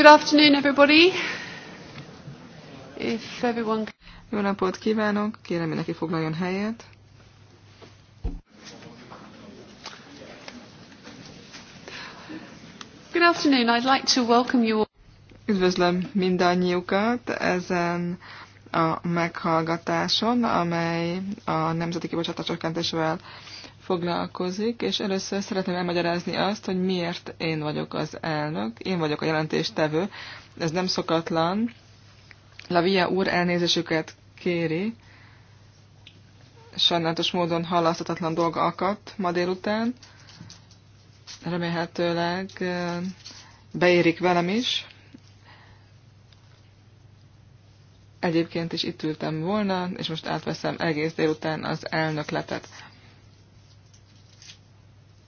Good afternoon, everybody. If everyone... Jó napot kívánok, kérem mindenki foglaljon helyet. Good afternoon, I'd like to welcome you all. Üdvözlöm mindannyiukat ezen a meghallgatáson, amely a Nemzeti Kibocsátás Csökkentésével foglalkozik, és először szeretném elmagyarázni azt, hogy miért én vagyok az elnök, én vagyok a jelentéstevő. Ez nem szokatlan. Lavia úr elnézésüket kéri. Sajnálatos módon halasztatatlan dolga akadt ma délután. Remélhetőleg beérik velem is. Egyébként is itt ültem volna, és most átveszem egész délután az elnökletet.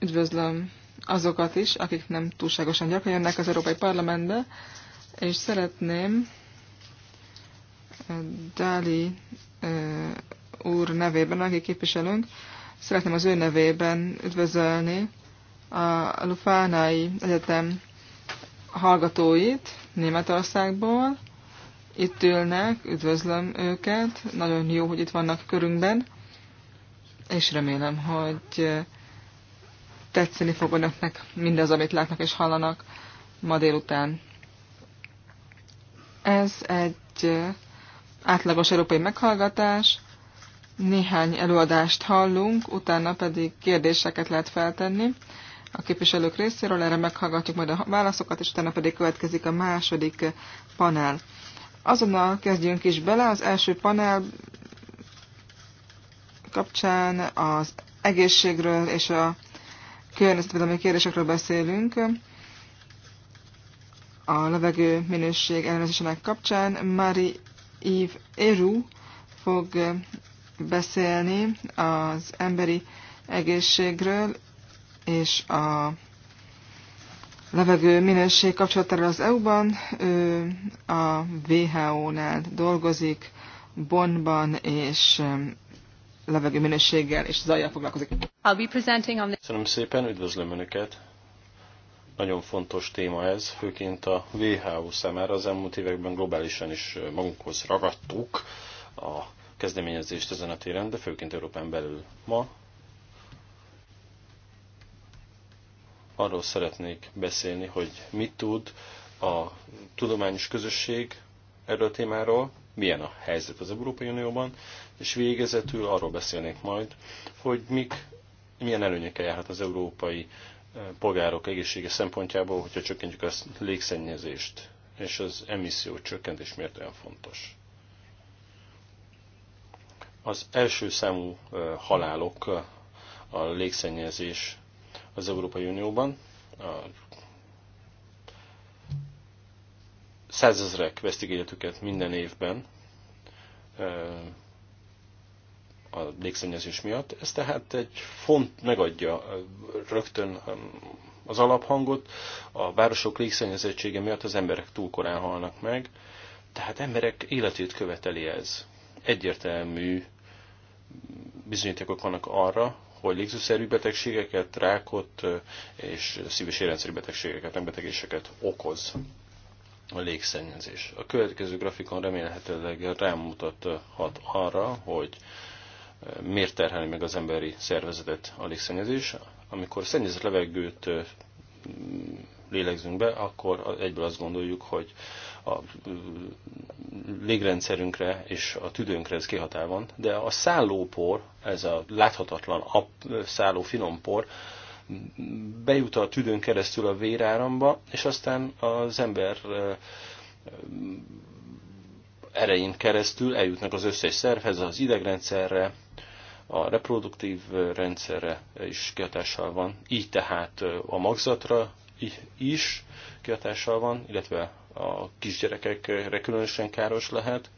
Üdvözlöm azokat is, akik nem túlságosan gyakran jönnek az Európai Parlamentbe, és szeretném eh, Dáli eh, úr nevében, aki képviselünk, szeretném az ő nevében üdvözölni a Lufánai Egyetem hallgatóit Németországból. Itt ülnek, üdvözlöm őket, nagyon jó, hogy itt vannak körünkben, és remélem, hogy eh, tetszeni fog önöknek mindaz, amit látnak és hallanak ma délután. Ez egy átlagos európai meghallgatás, néhány előadást hallunk, utána pedig kérdéseket lehet feltenni a képviselők részéről, erre meghallgatjuk majd a válaszokat, és utána pedig következik a második panel. Azonnal kezdjünk is bele, az első panel kapcsán az egészségről és a környezetvédelmi kérdésekről beszélünk a levegő minőség ellenőrzésének kapcsán. Mari Eve Eru fog beszélni az emberi egészségről és a levegő minőség kapcsolatáról az EU-ban. Ő a WHO-nál dolgozik, Bonnban és levegő minőséggel és zajjal foglalkozik. I'll be presenting on the... Köszönöm szépen, üdvözlöm Önöket! Nagyon fontos téma ez, főként a WHO számára az elmúlt években globálisan is magunkhoz ragadtuk a kezdeményezést ezen a téren, de főként Európán belül ma. Arról szeretnék beszélni, hogy mit tud a tudományos közösség erről a témáról, milyen a helyzet az Európai Unióban, és végezetül arról beszélnék majd, hogy mik, milyen előnyekkel járhat az európai eh, polgárok egészsége szempontjából, hogyha csökkentjük a légszennyezést, és az emisszió csökkentés miért olyan fontos. Az első számú eh, halálok eh, a légszennyezés az Európai Unióban. A százezrek vesztik életüket minden évben a légszennyezés miatt. Ez tehát egy font megadja rögtön az alaphangot, a városok légszennyezettsége miatt az emberek túl korán halnak meg, tehát emberek életét követeli ez. Egyértelmű bizonyítékok vannak arra, hogy légzőszerű betegségeket, rákot és szív- és érrendszerű betegségeket, megbetegéseket okoz a légszennyezés. A következő grafikon remélhetőleg rámutathat arra, hogy miért terheli meg az emberi szervezetet a légszennyezés. Amikor szennyezett levegőt lélegzünk be, akkor egyből azt gondoljuk, hogy a légrendszerünkre és a tüdőnkre ez kihatál van, de a szállópor, ez a láthatatlan ap, szálló finom por, bejut a tüdőn keresztül a véráramba, és aztán az ember erején keresztül eljutnak az összes szervhez, az idegrendszerre, a reproduktív rendszerre is kihatással van, így tehát a magzatra is kihatással van, illetve a kisgyerekekre különösen káros lehet,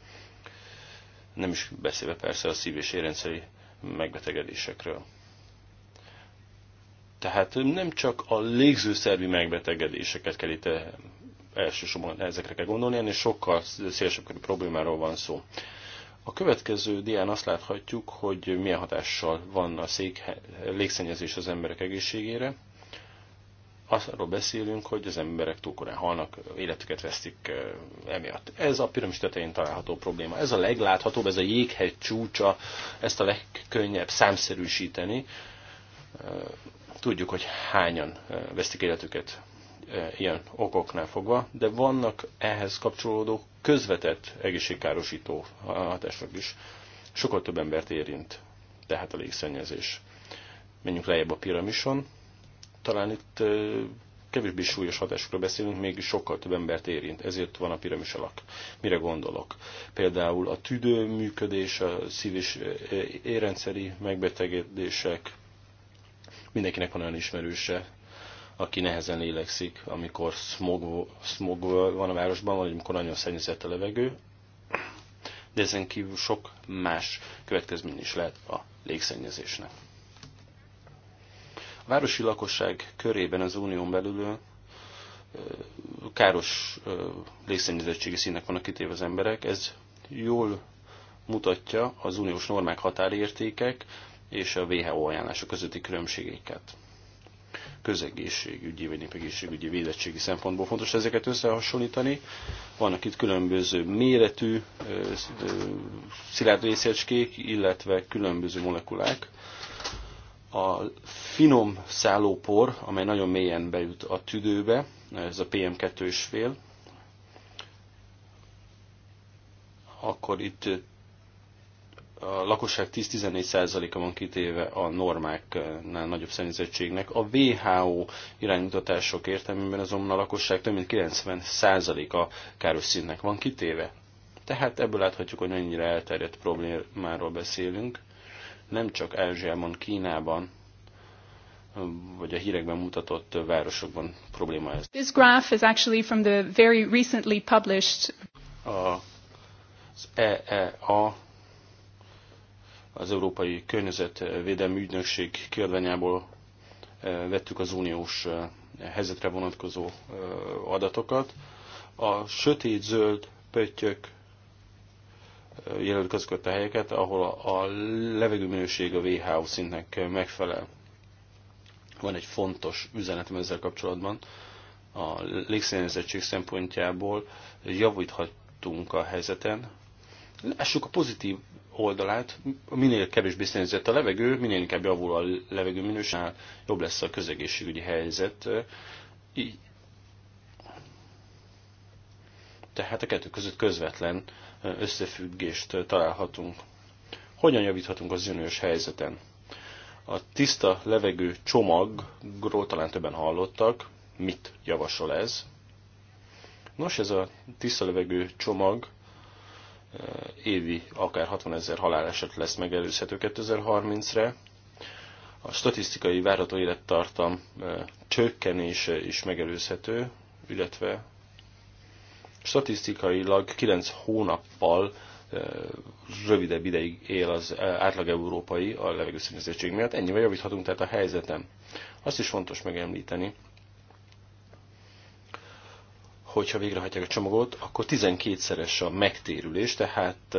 nem is beszélve persze a szív- és érrendszeri megbetegedésekről. Tehát nem csak a légzőszervi megbetegedéseket kell itt elsősorban ezekre kell gondolni, ennél sokkal szélesebb körű problémáról van szó. A következő dián azt láthatjuk, hogy milyen hatással van a szék légszennyezés az emberek egészségére. Arról beszélünk, hogy az emberek túl korán halnak, életüket vesztik emiatt. Ez a piramis tetején található probléma. Ez a legláthatóbb, ez a jéghegy csúcsa, ezt a legkönnyebb számszerűsíteni. Tudjuk, hogy hányan vesztik életüket E, ilyen okoknál fogva, de vannak ehhez kapcsolódó közvetett egészségkárosító hatások is. Sokkal több embert érint, tehát a légszennyezés. Menjünk lejjebb a piramison. Talán itt e, kevésbé súlyos hatásokról beszélünk, mégis sokkal több embert érint. Ezért van a piramis alak. Mire gondolok? Például a tüdő működés, a szív- és e, érrendszeri megbetegedések, mindenkinek van olyan ismerőse, aki nehezen lélegszik, amikor smog, smog van a városban, vagy amikor nagyon szennyezett a levegő, de ezen kívül sok más következmény is lehet a légszennyezésnek. A városi lakosság körében az unión belül káros légszennyezettségi színnek vannak kitéve az emberek. Ez jól mutatja az uniós normák határértékek és a WHO ajánlások közötti különbségeket közegészségügyi vagy népegészségügyi védettségi szempontból fontos ezeket összehasonlítani. Vannak itt különböző méretű szilárd részecskék, illetve különböző molekulák. A finom szállópor, amely nagyon mélyen bejut a tüdőbe, ez a PM2,5, akkor itt a lakosság 10-14%-a van kitéve a normáknál nagyobb szennyezettségnek. A WHO iránymutatások értelmében azonban a lakosság több mint 90%-a káros színnek van kitéve. Tehát ebből láthatjuk, hogy annyira elterjedt problémáról beszélünk. Nem csak Ázsiában, Kínában, vagy a hírekben mutatott városokban probléma ez. This graph is actually from the very recently published a, az EEA az Európai Környezetvédelmi Ügynökség kiadványából eh, vettük az uniós eh, helyzetre vonatkozó eh, adatokat. A sötét-zöld pöttyök jelölik azokat a helyeket, ahol a levegőminőség a WHO szintnek megfelel. Van egy fontos üzenetem ezzel kapcsolatban. A légszennyezettség szempontjából javíthatunk a helyzeten. Lássuk a pozitív oldalát, minél kevésbé szennyezett a levegő, minél inkább javul a levegő minőségnál, jobb lesz a közegészségügyi helyzet. Így. Tehát a kettő között közvetlen összefüggést találhatunk. Hogyan javíthatunk az önős helyzeten? A tiszta levegő csomagról talán többen hallottak. Mit javasol ez? Nos, ez a tiszta levegő csomag évi akár 60 ezer haláleset lesz megelőzhető 2030-re. A statisztikai várható élettartam csökkenése is megelőzhető, illetve statisztikailag 9 hónappal rövidebb ideig él az átlag európai a levegőszennyezettség miatt. Ennyivel javíthatunk tehát a helyzetem. Azt is fontos megemlíteni, hogyha végrehajtják a csomagot, akkor 12-szeres a megtérülés, tehát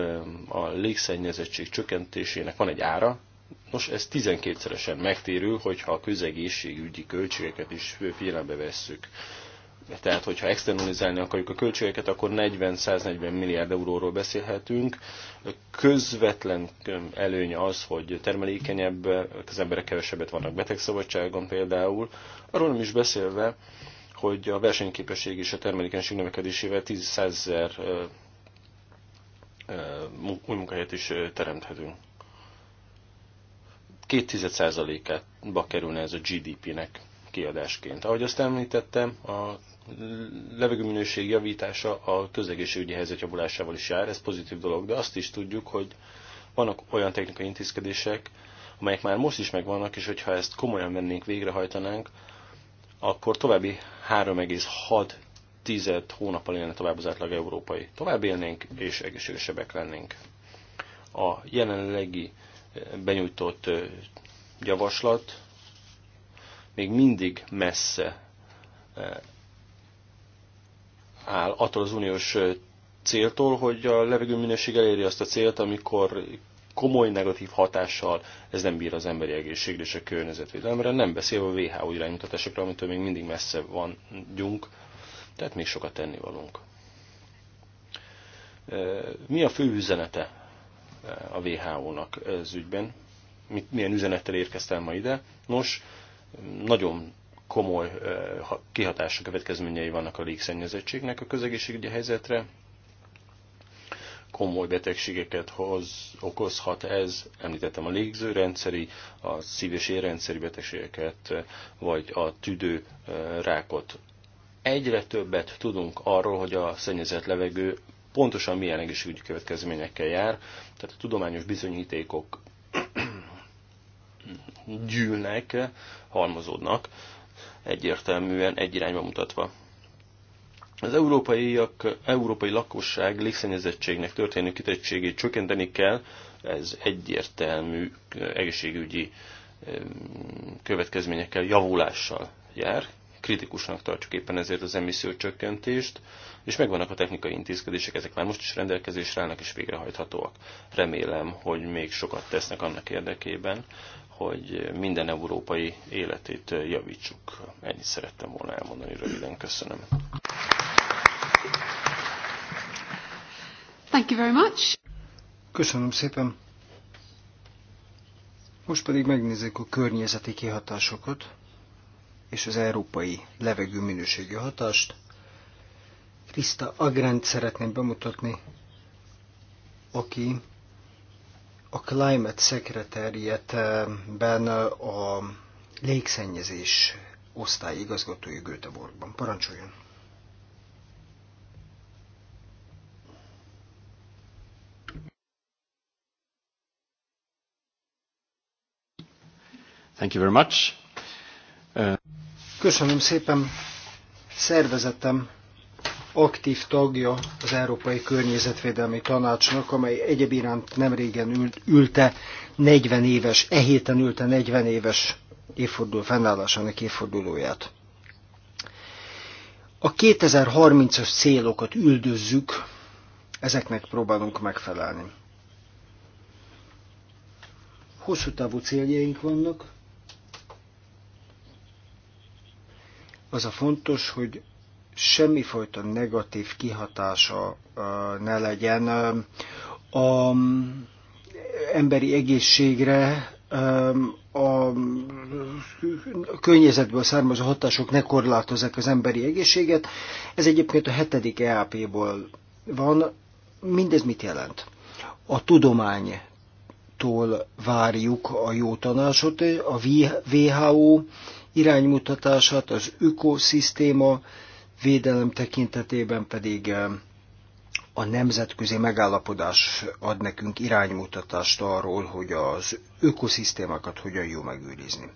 a légszennyezettség csökkentésének van egy ára, Nos, ez 12-szeresen megtérül, hogyha a közegészségügyi költségeket is figyelembe vesszük. Tehát, hogyha externalizálni akarjuk a költségeket, akkor 40-140 milliárd euróról beszélhetünk. A közvetlen előny az, hogy termelékenyebb, az emberek kevesebbet vannak betegszabadságon például. Arról nem is beszélve, hogy a versenyképesség és a termelékenység növekedésével 10 ezer új munkahelyet is teremthetünk. Két tized százalékába kerülne ez a GDP-nek kiadásként. Ahogy azt említettem, a levegőminőség javítása a közegészségügyi helyzet javulásával is jár, ez pozitív dolog, de azt is tudjuk, hogy vannak olyan technikai intézkedések, amelyek már most is megvannak, és hogyha ezt komolyan vennénk, végrehajtanánk, akkor további 3,6 hónappal élne tovább az átlag európai. Tovább élnénk és egészségesebbek lennénk. A jelenlegi eh, benyújtott eh, javaslat még mindig messze eh, áll attól az uniós céltól, hogy a levegő minőség eléri azt a célt, amikor komoly negatív hatással, ez nem bír az emberi egészségre és a környezetvédelemre, nem beszélve a WHO iránymutatásokra, amitől még mindig messze vagyunk, tehát még sokat valunk. Mi a fő üzenete a WHO-nak ez ügyben? Milyen üzenettel érkeztem ma ide? Nos, nagyon komoly kihatások, következményei vannak a légszennyezettségnek a közegészségügyi helyzetre, komoly betegségeket hoz, okozhat ez, említettem a légzőrendszeri, a szív- és érrendszeri betegségeket, vagy a tüdő rákot. Egyre többet tudunk arról, hogy a szennyezett levegő pontosan milyen egészségügyi következményekkel jár, tehát a tudományos bizonyítékok gyűlnek, halmozódnak, egyértelműen egy irányba mutatva. Az európaiak, európai lakosság légszennyezettségnek történő kitettségét csökkenteni kell, ez egyértelmű egészségügyi következményekkel, javulással jár. Kritikusnak tartjuk éppen ezért az emissziócsökkentést, és megvannak a technikai intézkedések, ezek már most is rendelkezésre állnak és végrehajthatóak. Remélem, hogy még sokat tesznek annak érdekében, hogy minden európai életét javítsuk. Ennyit szerettem volna elmondani röviden. Köszönöm. Thank you very much. Köszönöm szépen. Most pedig megnézzük a környezeti kihatásokat és az európai levegő minőségi hatást. Krista Agrent szeretném bemutatni, aki a Climate Secretariat-ben a légszennyezés osztály igazgatója Göteborgban. Parancsoljon! Thank you very much. Uh... Köszönöm szépen. Szervezetem aktív tagja az Európai Környezetvédelmi Tanácsnak, amely egyéb iránt nemrégen ült, ülte 40 éves, e héten ülte 40 éves évforduló fennállásának évfordulóját. A 2030-as célokat üldözzük, ezeknek próbálunk megfelelni. Hosszú távú céljaink vannak, Az a fontos, hogy semmifajta negatív kihatása ne legyen a emberi egészségre, a környezetből származó hatások ne korlátozzák az emberi egészséget. Ez egyébként a hetedik EAP-ból van. Mindez mit jelent? A tudománytól várjuk a jó tanácsot, a WHO iránymutatását, az ökoszisztéma védelem tekintetében pedig eh, a nemzetközi megállapodás ad nekünk iránymutatást arról, hogy az ökoszisztémákat hogyan jó megőrizni.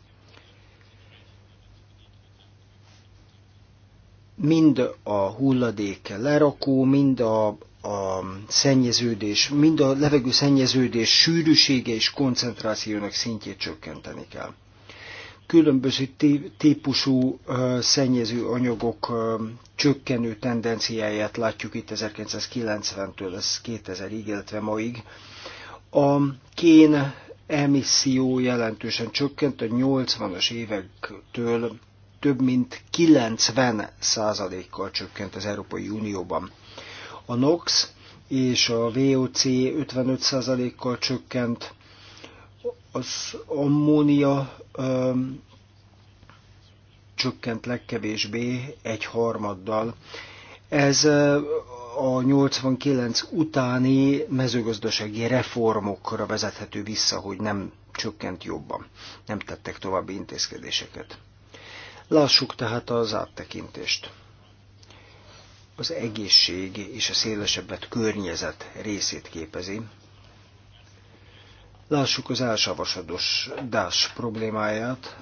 Mind a hulladék lerakó, mind a, a szennyeződés, mind a levegő szennyeződés sűrűsége és koncentrációnak szintjét csökkenteni kell különböző típusú szennyező anyagok csökkenő tendenciáját látjuk itt 1990-től 2000-ig, illetve maig. A kén emisszió jelentősen csökkent a 80-as évektől több mint 90 százalékkal csökkent az Európai Unióban. A NOx és a VOC 55 százalékkal csökkent, az ammónia um, csökkent legkevésbé egy harmaddal. Ez a 89 utáni mezőgazdasági reformokra vezethető vissza, hogy nem csökkent jobban, nem tettek további intézkedéseket. Lássuk tehát az áttekintést. Az egészség és a szélesebbet környezet részét képezi Lássuk az dás problémáját.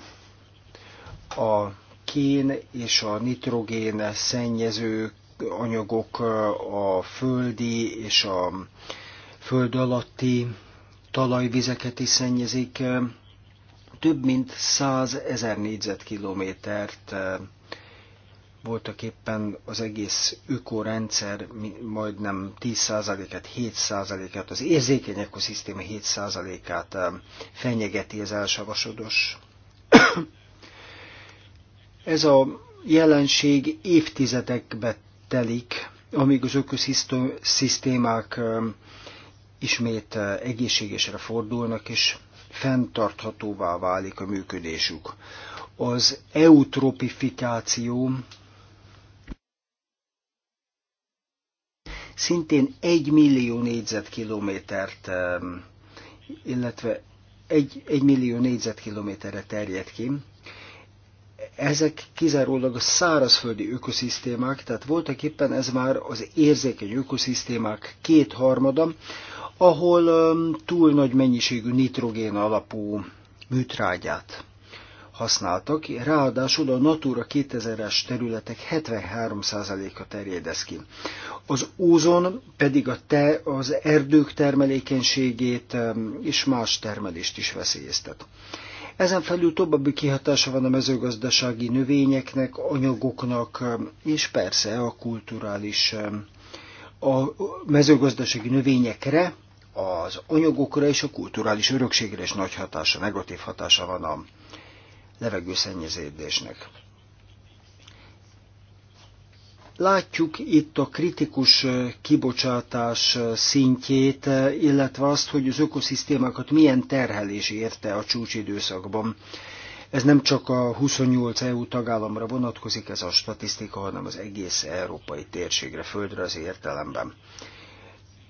A kén és a nitrogén szennyező anyagok a földi és a föld alatti talajvizeket is szennyezik. Több mint 100 ezer négyzetkilométert voltak éppen az egész ökorendszer majdnem 10 et 7%-át, az érzékeny ökoszisztéma 7%-át um, fenyegeti az elsavasodós. Ez a jelenség évtizedekbe telik, amíg az ökoszisztémák um, ismét uh, egészségesre fordulnak, és fenntarthatóvá válik a működésük. Az eutropifikáció szintén 1 millió négyzetkilométert, illetve 1, 1 millió négyzetkilométerre terjed ki. Ezek kizárólag a szárazföldi ökoszisztémák, tehát voltak éppen ez már az érzékeny ökoszisztémák kétharmada, ahol túl nagy mennyiségű nitrogén alapú műtrágyát használtak, ráadásul a Natura 2000-es területek 73%-a terjedez ki. Az ózon pedig a te, az erdők termelékenységét és más termelést is veszélyeztet. Ezen felül további kihatása van a mezőgazdasági növényeknek, anyagoknak, és persze a kulturális, a mezőgazdasági növényekre, az anyagokra és a kulturális örökségre is nagy hatása, negatív hatása van a levegőszennyeződésnek. Látjuk itt a kritikus kibocsátás szintjét, illetve azt, hogy az ökoszisztémákat milyen terhelés érte a csúcsidőszakban. Ez nem csak a 28 EU tagállamra vonatkozik ez a statisztika, hanem az egész európai térségre, földre az értelemben.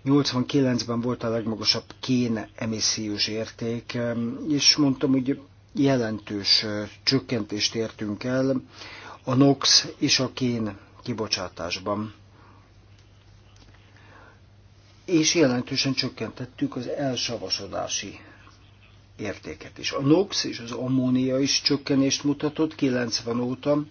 89-ben volt a legmagasabb kén emissziós érték, és mondtam, hogy jelentős csökkentést értünk el a NOx és a kén kibocsátásban. És jelentősen csökkentettük az elsavasodási értéket is. A NOx és az ammónia is csökkenést mutatott 90 óta,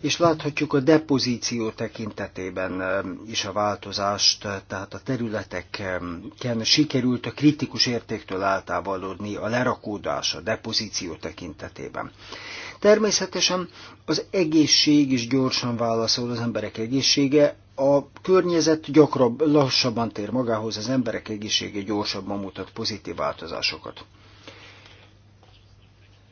és láthatjuk a depozíció tekintetében is a változást, tehát a területeken sikerült a kritikus értéktől eltávolodni a lerakódás, a depozíció tekintetében. Természetesen az egészség is gyorsan válaszol az emberek egészsége, a környezet gyakrabban, lassabban tér magához, az emberek egészsége gyorsabban mutat pozitív változásokat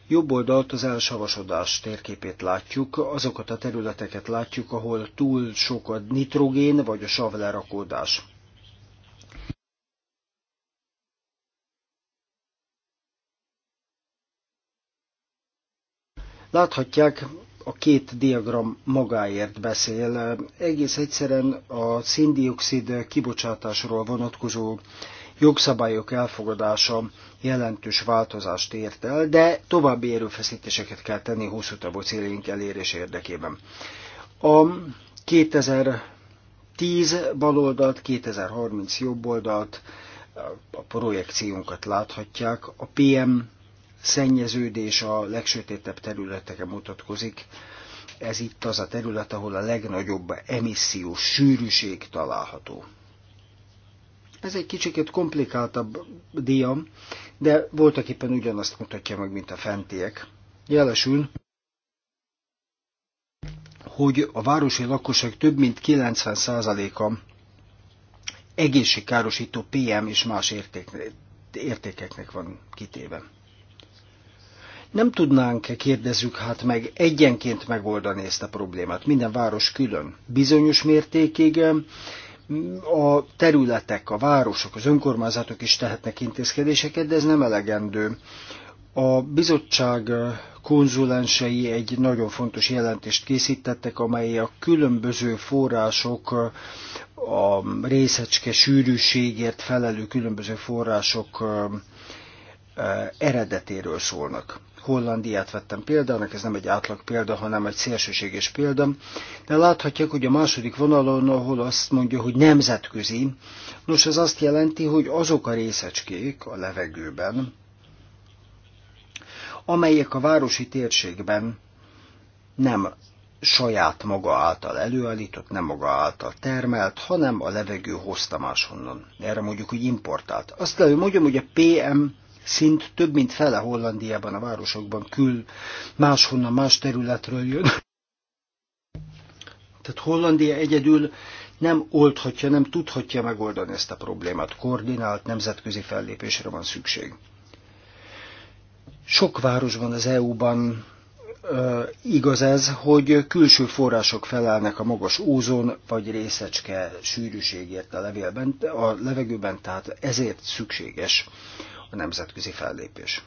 jobb oldalt az elsavasodás térképét látjuk, azokat a területeket látjuk, ahol túl sok a nitrogén vagy a sav lerakódás. Láthatják, a két diagram magáért beszél. Egész egyszerűen a széndiokszid kibocsátásról vonatkozó jogszabályok elfogadása jelentős változást ért el, de további erőfeszítéseket kell tenni hosszú távú céljaink elérés érdekében. A 2010 baloldalt, 2030 jobboldalt, a projekciónkat láthatják. A PM szennyeződés a legsötétebb területeken mutatkozik. Ez itt az a terület, ahol a legnagyobb emissziós sűrűség található. Ez egy kicsikét komplikáltabb díjam, de voltak éppen ugyanazt mutatja meg, mint a fentiek. Jelesül, hogy a városi lakosság több mint 90%-a egészségkárosító PM és más értékeknek van kitéve. Nem tudnánk, kérdezzük hát meg, egyenként megoldani ezt a problémát, minden város külön. Bizonyos mértékig a területek, a városok, az önkormányzatok is tehetnek intézkedéseket, de ez nem elegendő. A bizottság konzulensei egy nagyon fontos jelentést készítettek, amely a különböző források, a részecske sűrűségért felelő különböző források eredetéről szólnak. Hollandiát vettem példának, ez nem egy átlag példa, hanem egy szélsőséges példa. De láthatják, hogy a második vonalon, ahol azt mondja, hogy nemzetközi, nos ez azt jelenti, hogy azok a részecskék a levegőben, amelyek a városi térségben nem saját maga által előállított, nem maga által termelt, hanem a levegő hozta máshonnan. Erre mondjuk, hogy importált. Azt kell, hogy mondjam, hogy a PM szint több mint fele Hollandiában, a városokban kül, máshonnan, más területről jön. Tehát Hollandia egyedül nem oldhatja, nem tudhatja megoldani ezt a problémát. Koordinált nemzetközi fellépésre van szükség. Sok városban az EU-ban igaz ez, hogy külső források felelnek a magas ózon vagy részecske sűrűségért a, levélben, a levegőben, tehát ezért szükséges a nemzetközi fellépés.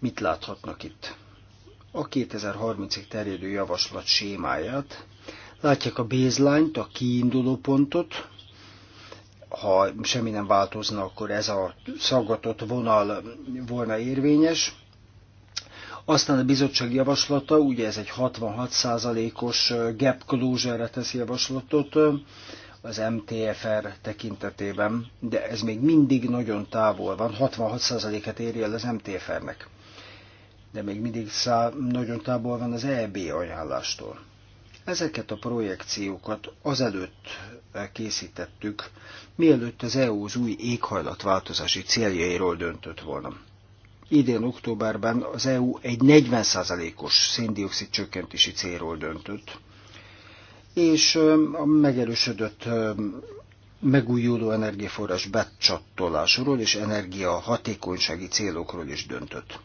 Mit láthatnak itt? A 2030-ig terjedő javaslat sémáját. Látják a baseline-t, a kiinduló pontot, ha semmi nem változna, akkor ez a szaggatott vonal volna érvényes. Aztán a bizottság javaslata, ugye ez egy 66%-os gap closure-re tesz javaslatot, az MTFR tekintetében, de ez még mindig nagyon távol van, 66%-et éri el az MTFR-nek, de még mindig szá- nagyon távol van az EB ajánlástól. Ezeket a projekciókat azelőtt készítettük, mielőtt az EU az új éghajlatváltozási céljairól döntött volna. Idén októberben az EU egy 40%-os széndiokszid csökkentési célról döntött, és a megerősödött megújuló energiaforrás becsattolásról és energia hatékonysági célokról is döntött.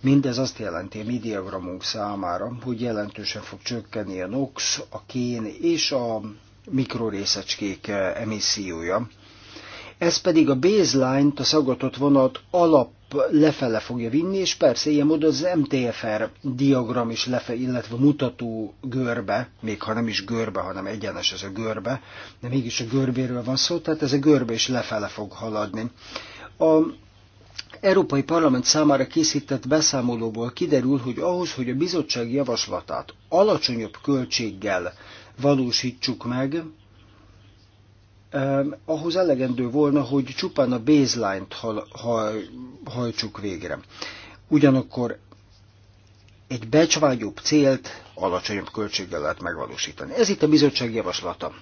Mindez azt jelenti a mi diagramunk számára, hogy jelentősen fog csökkenni a NOx, a kén és a mikrorészecskék emissziója ez pedig a baseline-t, a szagatott vonat alap lefele fogja vinni, és persze ilyen módon az MTFR diagram is lefe, illetve mutató görbe, még ha nem is görbe, hanem egyenes ez a görbe, de mégis a görbéről van szó, tehát ez a görbe is lefele fog haladni. A Európai Parlament számára készített beszámolóból kiderül, hogy ahhoz, hogy a bizottság javaslatát alacsonyabb költséggel valósítsuk meg, ahhoz elegendő volna, hogy csupán a baseline-t hajtsuk végre. Ugyanakkor egy becsvágyóbb célt alacsonyabb költséggel lehet megvalósítani. Ez itt a bizottság javaslata.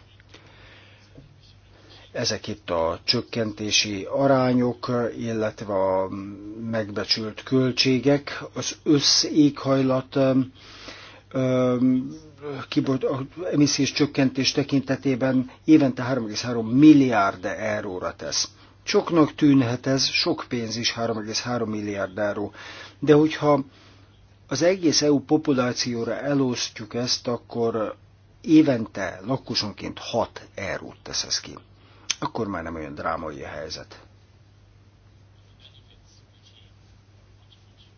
Ezek itt a csökkentési arányok, illetve a megbecsült költségek, az összéghajlat kibot, a emissziós csökkentés tekintetében évente 3,3 milliárd euróra tesz. Soknak tűnhet ez, sok pénz is 3,3 milliárd euró. De hogyha az egész EU populációra elosztjuk ezt, akkor évente lakosonként 6 eurót tesz ez ki. Akkor már nem olyan drámai a helyzet.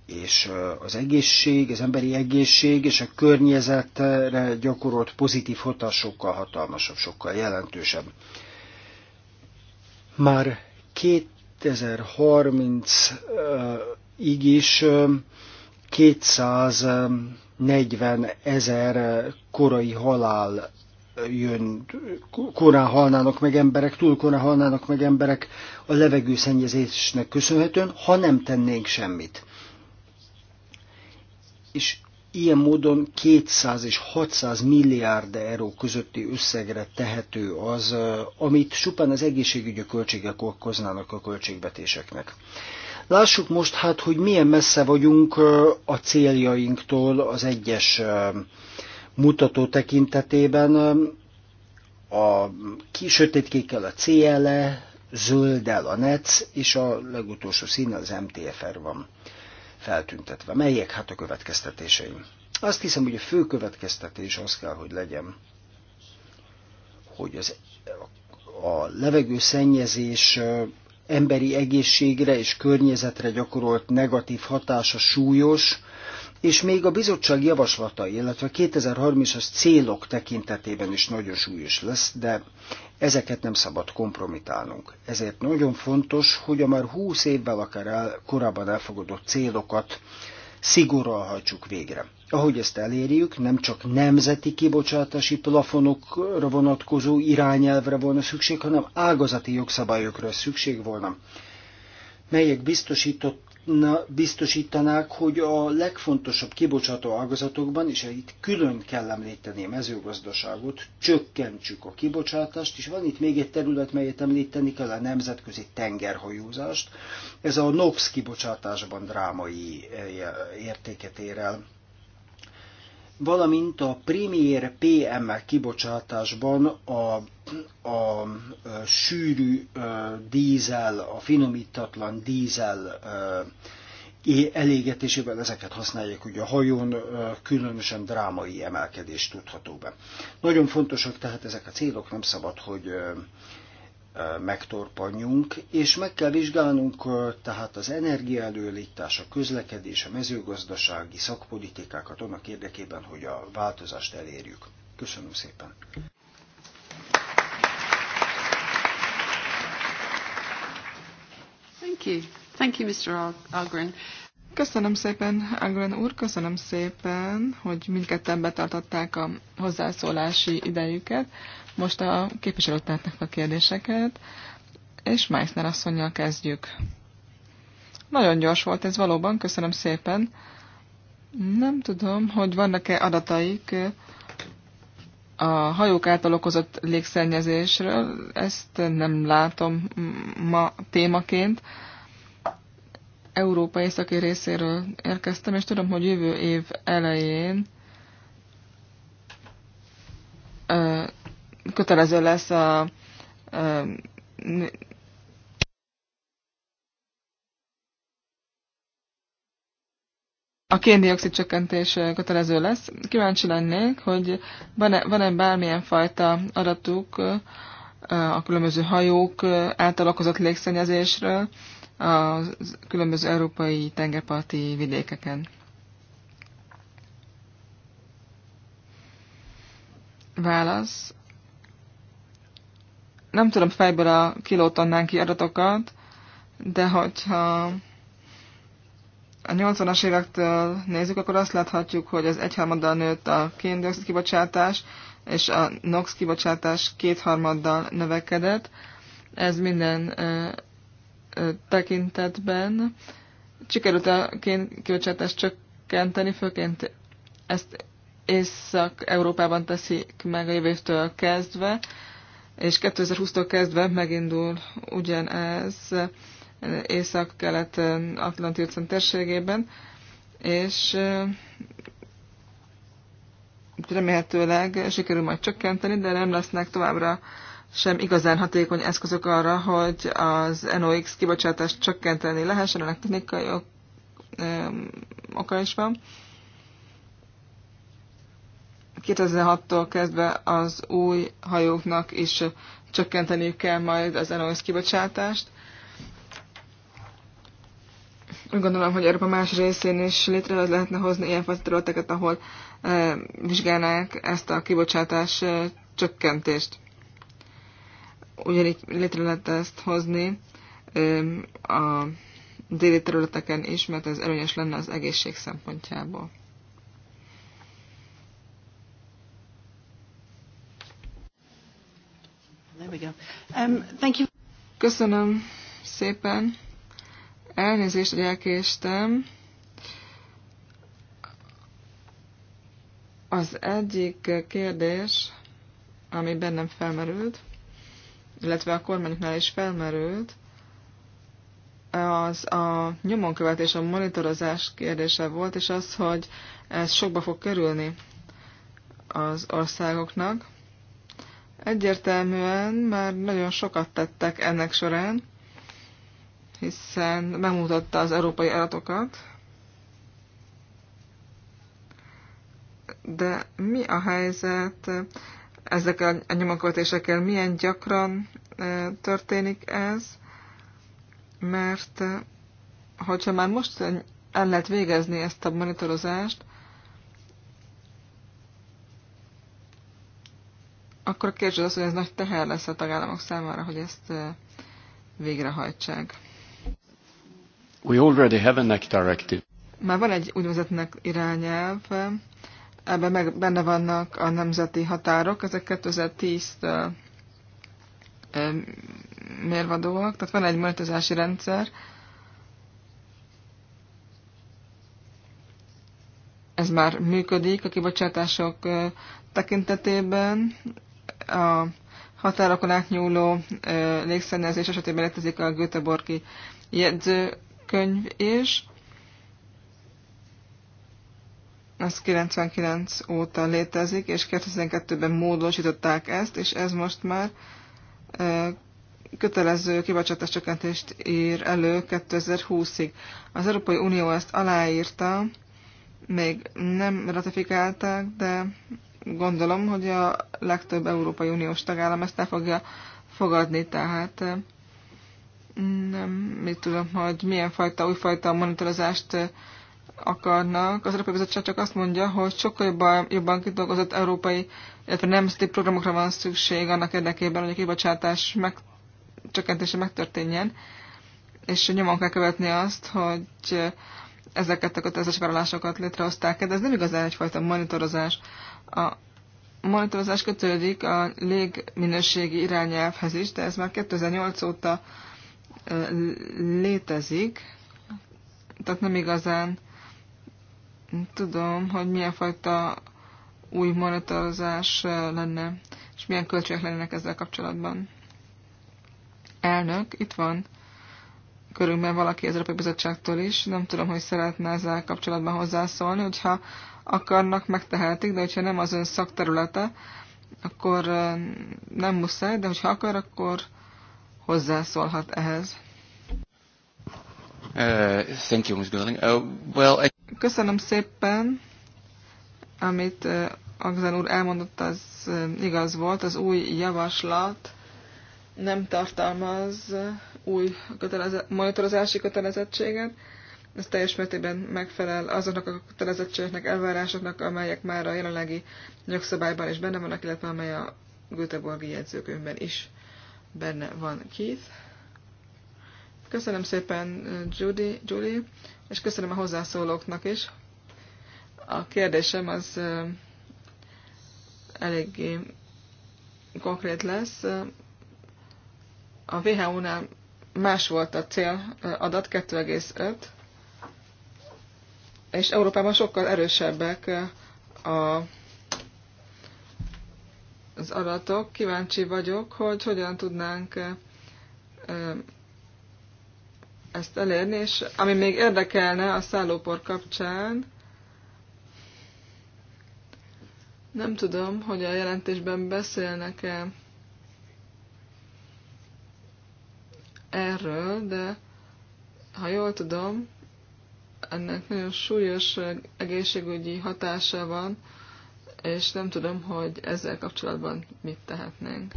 és az egészség, az emberi egészség és a környezetre gyakorolt pozitív hatás sokkal hatalmasabb, sokkal jelentősebb. Már 2030-ig is 240 ezer korai halál jön, korán halnának meg emberek, túl korán halnának meg emberek a levegőszennyezésnek köszönhetően, ha nem tennénk semmit és ilyen módon 200 és 600 milliárd euró közötti összegre tehető az, amit csupán az egészségügyi költségek okoznának a költségvetéseknek. Lássuk most hát, hogy milyen messze vagyunk a céljainktól az egyes mutató tekintetében. A sötétkékkel a CLE, zölddel a NEC, és a legutolsó szín az MTFR van feltüntetve. Melyek hát a következtetéseim? Azt hiszem, hogy a fő következtetés az kell, hogy legyen, hogy az, a szennyezés emberi egészségre és környezetre gyakorolt negatív hatása súlyos, és még a bizottság javaslatai, illetve a 2030-as célok tekintetében is nagyon súlyos lesz, de ezeket nem szabad kompromitálnunk. Ezért nagyon fontos, hogy a már 20 évvel akár el, korábban elfogadott célokat szigorral hajtsuk végre. Ahogy ezt elérjük, nem csak nemzeti kibocsátási plafonokra vonatkozó irányelvre volna szükség, hanem ágazati jogszabályokra szükség volna, melyek biztosított biztosítanák, hogy a legfontosabb kibocsátó ágazatokban, és itt külön kell említeni a mezőgazdaságot, csökkentsük a kibocsátást, és van itt még egy terület, melyet említeni kell, a nemzetközi tengerhajózást. Ez a NOx kibocsátásban drámai eh, értéket ér el valamint a Premier PM kibocsátásban a, a, a sűrű a, dízel, a finomítatlan dízel a, elégetésével ezeket használják, ugye a hajón különösen drámai emelkedés tudható be. Nagyon fontosak tehát ezek a célok, nem szabad, hogy megtorpanjunk, és meg kell vizsgálnunk tehát az energiaelőállítás, a közlekedés, a mezőgazdasági szakpolitikákat annak érdekében, hogy a változást elérjük. Köszönöm szépen! Thank you. Thank you, Mr. Algren. Köszönöm szépen, Ágren úr, köszönöm szépen, hogy mindketten betartották a hozzászólási idejüket. Most a képviselőtárnak a kérdéseket, és Meissner asszonynal kezdjük. Nagyon gyors volt ez valóban, köszönöm szépen. Nem tudom, hogy vannak-e adataik a hajók által okozott légszennyezésről, ezt nem látom ma témaként európai északi részéről érkeztem, és tudom, hogy jövő év elején kötelező lesz a a kéndioxid csökkentés kötelező lesz. Kíváncsi lennék, hogy van-e, van-e bármilyen fajta adatuk a különböző hajók által okozott légszennyezésről, a különböző európai tengerparti vidékeken. Válasz. Nem tudom fejből a kilót ki adatokat, de hogyha a 80-as évektől nézzük, akkor azt láthatjuk, hogy az egyharmaddal nőtt a kén-dioxid kibocsátás, és a NOx kibocsátás kétharmaddal növekedett. Ez minden tekintetben sikerült a kibocsátást csökkenteni, főként ezt Észak-Európában teszik meg a jövőtől kezdve, és 2020-tól kezdve megindul ugyanez Észak-Kelet Atlanti óceán térségében, és remélhetőleg sikerül majd csökkenteni, de nem lesznek továbbra sem igazán hatékony eszközök arra, hogy az NOx kibocsátást csökkenteni lehessen, ennek technikai oka is van. 2006-tól kezdve az új hajóknak is csökkenteniük kell majd az NOx kibocsátást. Úgy gondolom, hogy Európa más részén is létre lehetne hozni ilyen területeket, ahol e, vizsgálnák ezt a kibocsátás e, csökkentést ugyanígy létre lehet ezt hozni a déli területeken is, mert ez előnyös lenne az egészség szempontjából. Um, thank you. Köszönöm szépen. Elnézést, hogy elkéstem. Az egyik kérdés, ami bennem felmerült, illetve a kormányoknál is felmerült, az a nyomonkövetés, a monitorozás kérdése volt, és az, hogy ez sokba fog kerülni az országoknak. Egyértelműen már nagyon sokat tettek ennek során, hiszen megmutatta az európai adatokat. De mi a helyzet ezekkel a nyomakövetésekkel milyen gyakran e, történik ez, mert e, hogyha már most el lehet végezni ezt a monitorozást, akkor kérdés az, hogy ez nagy teher lesz a tagállamok számára, hogy ezt e, végrehajtsák. We already have a NEC directive. Már van egy úgynevezett irányelv, ebben meg benne vannak a nemzeti határok, ezek 2010-től mérvadóak, tehát van egy monitozási rendszer, ez már működik a kibocsátások tekintetében. A határokon átnyúló légszennyezés esetében létezik a Göteborgi jegyzőkönyv is az 99 óta létezik, és 2012-ben módosították ezt, és ez most már kötelező kibocsátás csökkentést ír elő 2020-ig. Az Európai Unió ezt aláírta, még nem ratifikálták, de gondolom, hogy a legtöbb Európai Uniós tagállam ezt el fogja fogadni, tehát nem mit tudom, hogy milyen fajta, újfajta monitorozást akarnak. Az Európai Bizottság csak azt mondja, hogy sokkal jobban, jobban kidolgozott európai, illetve nemzeti programokra van szükség annak érdekében, hogy a kibocsátás meg, csökkentése megtörténjen, és nyomon kell követni azt, hogy ezeket a vállalásokat létrehozták, de ez nem igazán egyfajta monitorozás. A monitorozás kötődik a légminőségi irányelvhez is, de ez már 2008 óta létezik, tehát nem igazán tudom, hogy milyen fajta új monitorozás lenne, és milyen költségek lennének ezzel kapcsolatban. Elnök, itt van körülben valaki az Európai Bizottságtól is, nem tudom, hogy szeretne ezzel kapcsolatban hozzászólni, hogyha akarnak, megtehetik, de hogyha nem az ön szakterülete, akkor nem muszáj, de hogyha akar, akkor hozzászólhat ehhez. Uh, thank you, Ms. Uh, well, I... Köszönöm szépen, amit Agzen úr elmondott, az igaz volt. Az új javaslat nem tartalmaz új kötelezet, monitorozási kötelezettséget. Ez teljes mértékben megfelel azoknak a kötelezettségeknek, elvárásoknak, amelyek már a jelenlegi jogszabályban is benne vannak, illetve amely a Göteborgi jegyzőkönyvben is benne van Keith. Köszönöm szépen, Judy, Julie és köszönöm a hozzászólóknak is. A kérdésem az eléggé konkrét lesz. A WHO-nál más volt a cél adat 2,5, és Európában sokkal erősebbek a, az adatok. Kíváncsi vagyok, hogy hogyan tudnánk ezt elérni, és ami még érdekelne a szállópor kapcsán, nem tudom, hogy a jelentésben beszélnek-e erről, de ha jól tudom, ennek nagyon súlyos egészségügyi hatása van, és nem tudom, hogy ezzel kapcsolatban mit tehetnénk.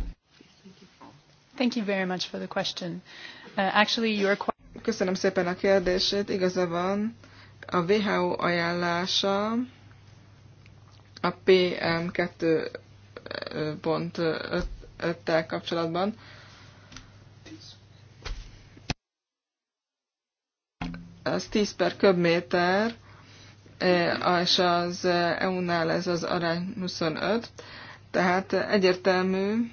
Thank you very much for the question. Uh, actually, your Köszönöm szépen a kérdését. Igaza van, a WHO ajánlása a pm 25 öttel kapcsolatban. Az 10 per köbméter, eh, és az EU-nál ez az arány 25. Tehát egyértelmű,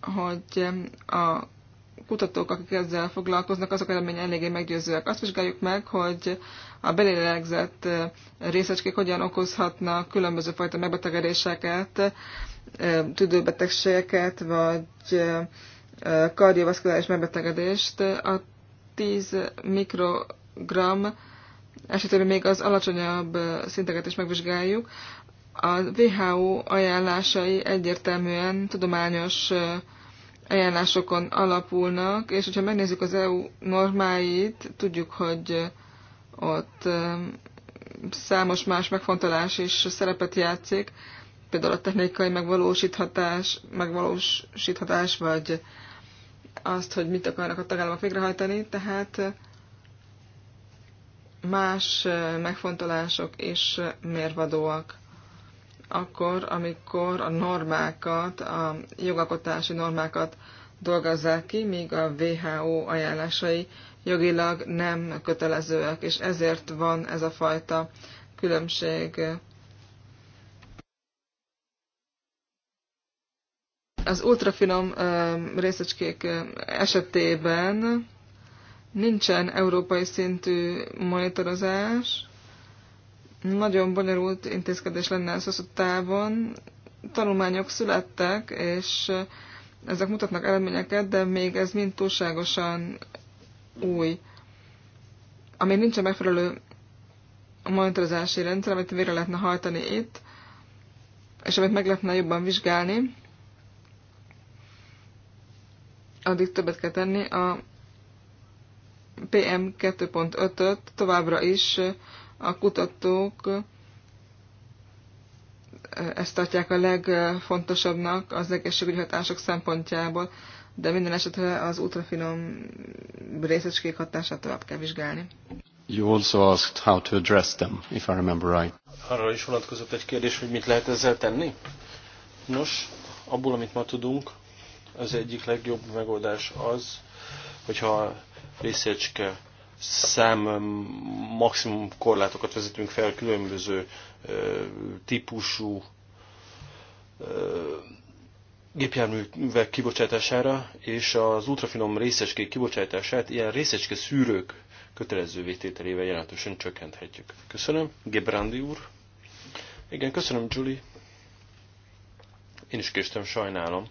hogy a kutatók, akik ezzel foglalkoznak, azok eredmény eléggé meggyőzőek. Azt vizsgáljuk meg, hogy a belélegzett részecskék hogyan okozhatnak különböző fajta megbetegedéseket, tüdőbetegségeket, vagy kardiovaszkuláris megbetegedést. A 10 mikrogram esetében még az alacsonyabb szinteket is megvizsgáljuk. A WHO ajánlásai egyértelműen tudományos ajánlásokon alapulnak, és hogyha megnézzük az EU normáit, tudjuk, hogy ott számos más megfontolás is szerepet játszik, például a technikai megvalósíthatás, megvalósíthatás vagy azt, hogy mit akarnak a tagállamok végrehajtani, tehát más megfontolások és mérvadóak akkor, amikor a normákat, a jogalkotási normákat dolgozzák ki, míg a WHO ajánlásai jogilag nem kötelezőek, és ezért van ez a fajta különbség. Az ultrafinom részecskék esetében nincsen európai szintű monitorozás, nagyon bonyolult intézkedés lenne ez hosszú távon. Tanulmányok születtek, és ezek mutatnak eredményeket, de még ez mind túlságosan új. Amíg nincsen megfelelő monitorozási rendszer, amit végre lehetne hajtani itt, és amit meg lehetne jobban vizsgálni, addig többet kell tenni. A PM2.5-öt továbbra is a kutatók eh, ezt tartják a legfontosabbnak az egészségügyi hatások szempontjából, de minden esetre az ultrafinom részecskék hatását tovább kell vizsgálni. You also asked how to address them, if I remember right. Arra is vonatkozott egy kérdés, hogy mit lehet ezzel tenni? Nos, abból, amit ma tudunk, az egyik legjobb megoldás az, hogyha részecske szám maximum korlátokat vezetünk fel különböző típusú gépjárművek kibocsátására, és az ultrafinom részecskék kibocsátását ilyen részecske szűrők kötelező tételével jelentősen csökkenthetjük. Köszönöm, Gebrandi úr. Igen, köszönöm, Julie. Én is késtem, sajnálom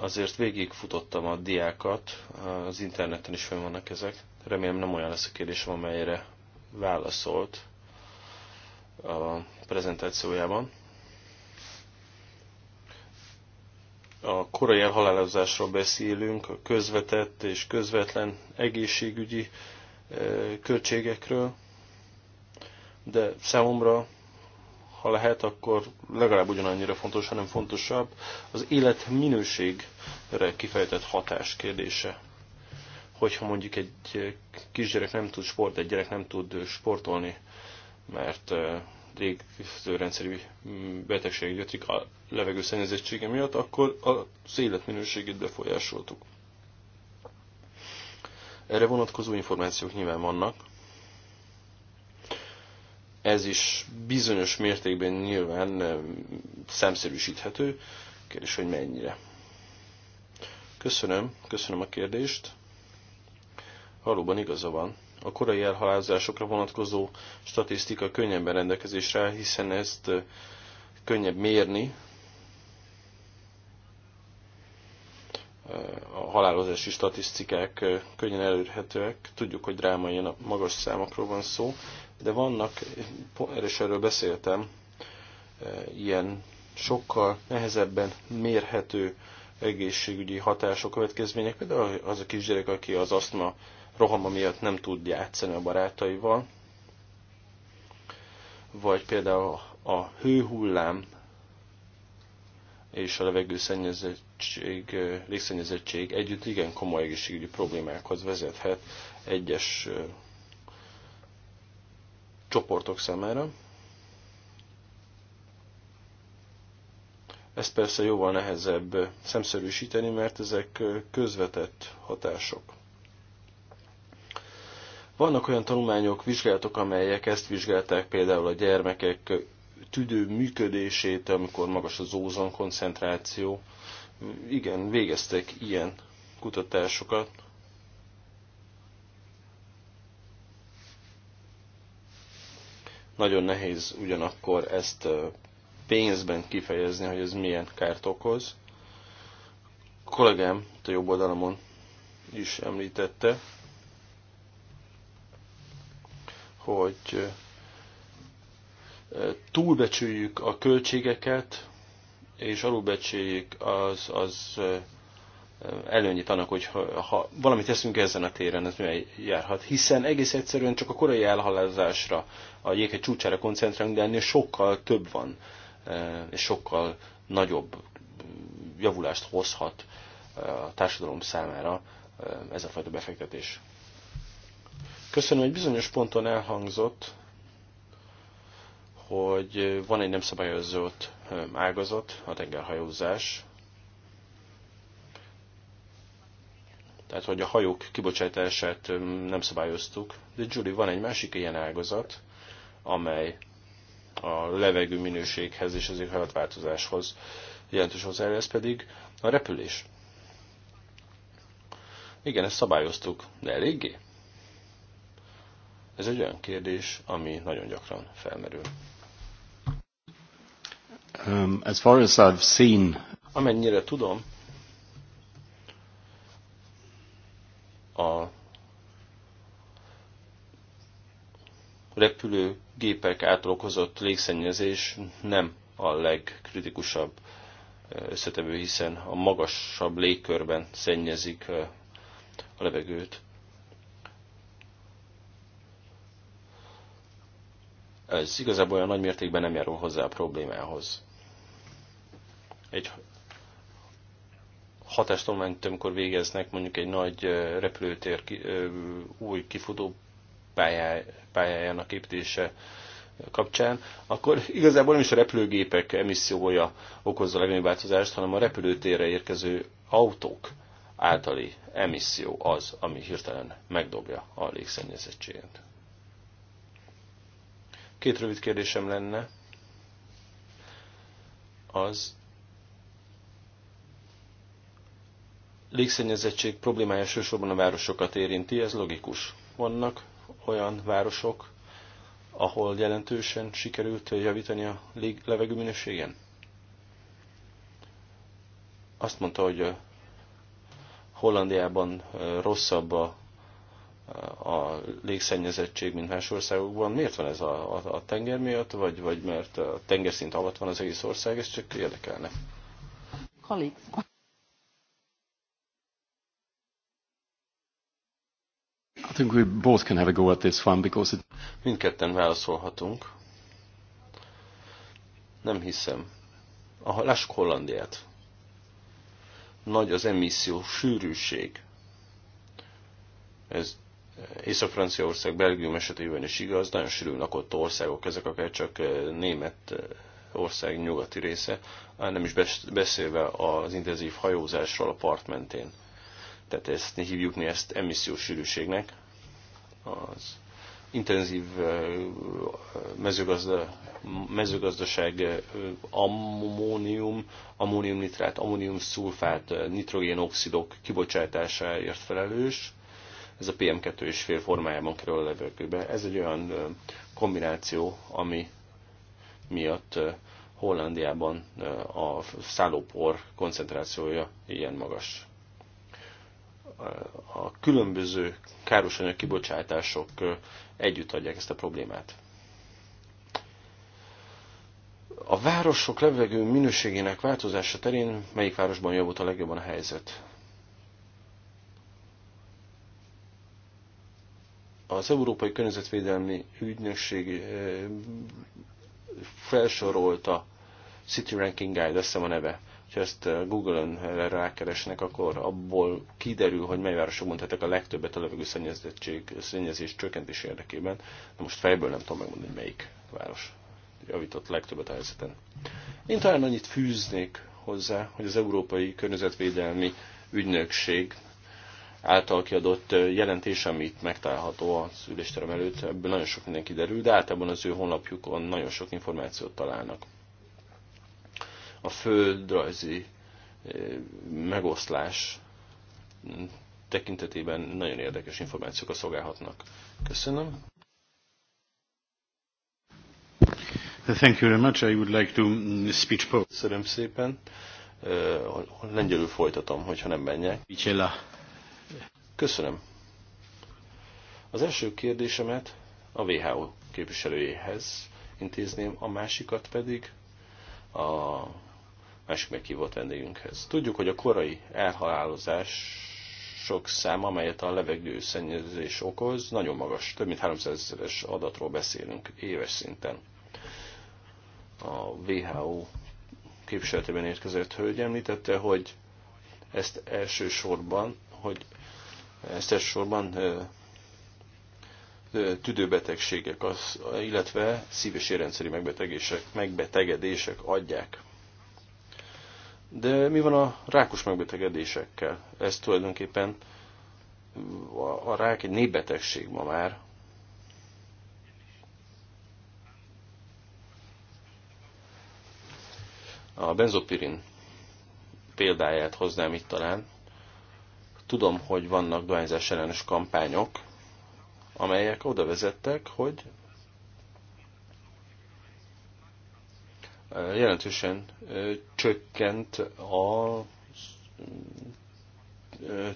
azért végigfutottam a diákat, az interneten is fönn vannak ezek. Remélem nem olyan lesz a kérdésem, amelyre válaszolt a prezentációjában. A korai elhalálozásról beszélünk, a közvetett és közvetlen egészségügyi eh, költségekről, de számomra ha lehet, akkor legalább ugyanannyira fontos, hanem fontosabb, az életminőségre kifejtett hatás kérdése. Hogyha mondjuk egy kisgyerek nem tud sport, egy gyerek nem tud sportolni, mert rendszerű mm, betegség gyötrik a szennyezettsége miatt, akkor az életminőségét befolyásoltuk. Erre vonatkozó információk nyilván vannak, ez is bizonyos mértékben nyilván szemszerűsíthető. Kérdés, hogy mennyire. Köszönöm, köszönöm a kérdést. Valóban igaza van. A korai elhalázásokra vonatkozó statisztika könnyebben rendelkezésre, hiszen ezt könnyebb mérni. A halálozási statisztikák könnyen elérhetőek. Tudjuk, hogy drámai magas számokról van szó de vannak, és erről beszéltem, e, ilyen sokkal nehezebben mérhető egészségügyi hatások, következmények, például az a kisgyerek, aki az asztma rohama miatt nem tud játszani a barátaival, vagy például a hőhullám és a levegőszennyezettség, e, légszennyezettség együtt igen komoly egészségügyi problémákhoz vezethet egyes e, csoportok számára. Ezt persze jóval nehezebb szemszerűsíteni, mert ezek közvetett hatások. Vannak olyan tanulmányok, vizsgálatok, amelyek ezt vizsgálták például a gyermekek tüdő működését, amikor magas az ózon koncentráció. Igen, végeztek ilyen kutatásokat. Nagyon nehéz ugyanakkor ezt pénzben kifejezni, hogy ez milyen kárt okoz. A kollégám a jobb oldalamon is említette, hogy túlbecsüljük a költségeket, és alulbecsüljük az, az előnyit annak, hogy ha, ha valamit teszünk ezen a téren, ez milyen járhat. Hiszen egész egyszerűen csak a korai elhalázásra, a jéghegy csúcsára koncentrálunk, de ennél sokkal több van, e, és sokkal nagyobb javulást hozhat e, a társadalom számára e, ez a fajta befektetés. Köszönöm, hogy bizonyos ponton elhangzott, hogy van egy nem szabályozott ágazat, a tengerhajózás, tehát hogy a hajók kibocsátását nem szabályoztuk. De Julie, van egy másik ilyen ágazat, amely a levegő minőséghez és az éghajlatváltozáshoz jelentős hozzá, ez pedig a repülés. Igen, ezt szabályoztuk, de eléggé? Ez egy olyan kérdés, ami nagyon gyakran felmerül. Um, as far as I've seen... Amennyire tudom, a repülőgépek által okozott légszennyezés nem a legkritikusabb összetevő, hiszen a magasabb légkörben szennyezik a levegőt. Ez igazából olyan nagy mértékben nem járul hozzá a problémához. Egy hatástudományt, amikor végeznek mondjuk egy nagy repülőtér új kifutó pályájának építése kapcsán, akkor igazából nem is a repülőgépek emissziója okozza a legnagyobb változást, hanem a repülőtérre érkező autók általi emisszió az, ami hirtelen megdobja a légszennyezettséget. Két rövid kérdésem lenne. Az légszennyezettség problémája elsősorban a városokat érinti, ez logikus. Vannak olyan városok, ahol jelentősen sikerült javítani a levegő minőségen? Azt mondta, hogy Hollandiában rosszabb a, a légszennyezettség, mint más országokban. Miért van ez a, a, a tenger miatt, vagy, vagy mert a tengerszint alatt van az egész ország? Ez csak érdekelne. Colleagues. I think we both can have a go at this one because it... Mindketten válaszolhatunk. Nem hiszem. A, lássuk Hollandiát. Nagy az emisszió sűrűség. Ez Észak-Franciaország, Belgium esetében is igaz, nagyon sűrűn lakott országok, ezek akár csak eh, német eh, ország nyugati része, nem is beszélve az intenzív hajózásról a part mentén. Tehát ezt hívjuk mi ezt emissziós sűrűségnek az intenzív mezőgazda, mezőgazdaság ammónium, ammóniumnitrát, ammónium szulfát, nitrogénoxidok kibocsátásáért felelős. Ez a PM2 és fél formájában kerül a levegőbe. Ez egy olyan kombináció, ami miatt Hollandiában a szállópor koncentrációja ilyen magas a különböző károsanyag kibocsátások együtt adják ezt a problémát. A városok levegő minőségének változása terén melyik városban javult a legjobban a helyzet? Az Európai Környezetvédelmi Ügynökség felsorolta City Ranking Guide, azt a neve, ha ezt eh, Google-ön eh, rákeresnek, akkor abból kiderül, hogy mely városokban tettek a legtöbbet a levegő szennyezés csökkentés érdekében. De most fejből nem tudom megmondani, hogy melyik város javított legtöbbet a helyzeten. Én talán annyit fűznék hozzá, hogy az Európai Környezetvédelmi Ügynökség által kiadott eh, jelentés, amit megtalálható az ülésterem előtt, ebből nagyon sok minden kiderül, de általában az ő honlapjukon nagyon sok információt találnak a földrajzi eh, megoszlás tekintetében nagyon érdekes információkat szolgálhatnak. Köszönöm. Thank you very much. I would like to mm, speech post. Köszönöm szépen. Eh, lengyelül folytatom, hogyha nem menjek. Köszönöm. Az első kérdésemet a WHO képviselőjéhez intézném, a másikat pedig a másik meghívott vendégünkhez. Tudjuk, hogy a korai elhalálozás sok szám, amelyet a levegő szennyezés okoz, nagyon magas, több mint 300 ezeres adatról beszélünk éves szinten. A WHO képviseletében érkezett hölgy említette, hogy ezt elsősorban, hogy ezt elsősorban tüdőbetegségek, az, illetve szív- és érrendszeri megbetegések, megbetegedések adják de mi van a rákos megbetegedésekkel? Ez tulajdonképpen a, a rák egy népbetegség ma már. A benzopirin példáját hoznám itt talán. Tudom, hogy vannak dohányzás ellenes kampányok, amelyek oda vezettek, hogy jelentősen csökkent a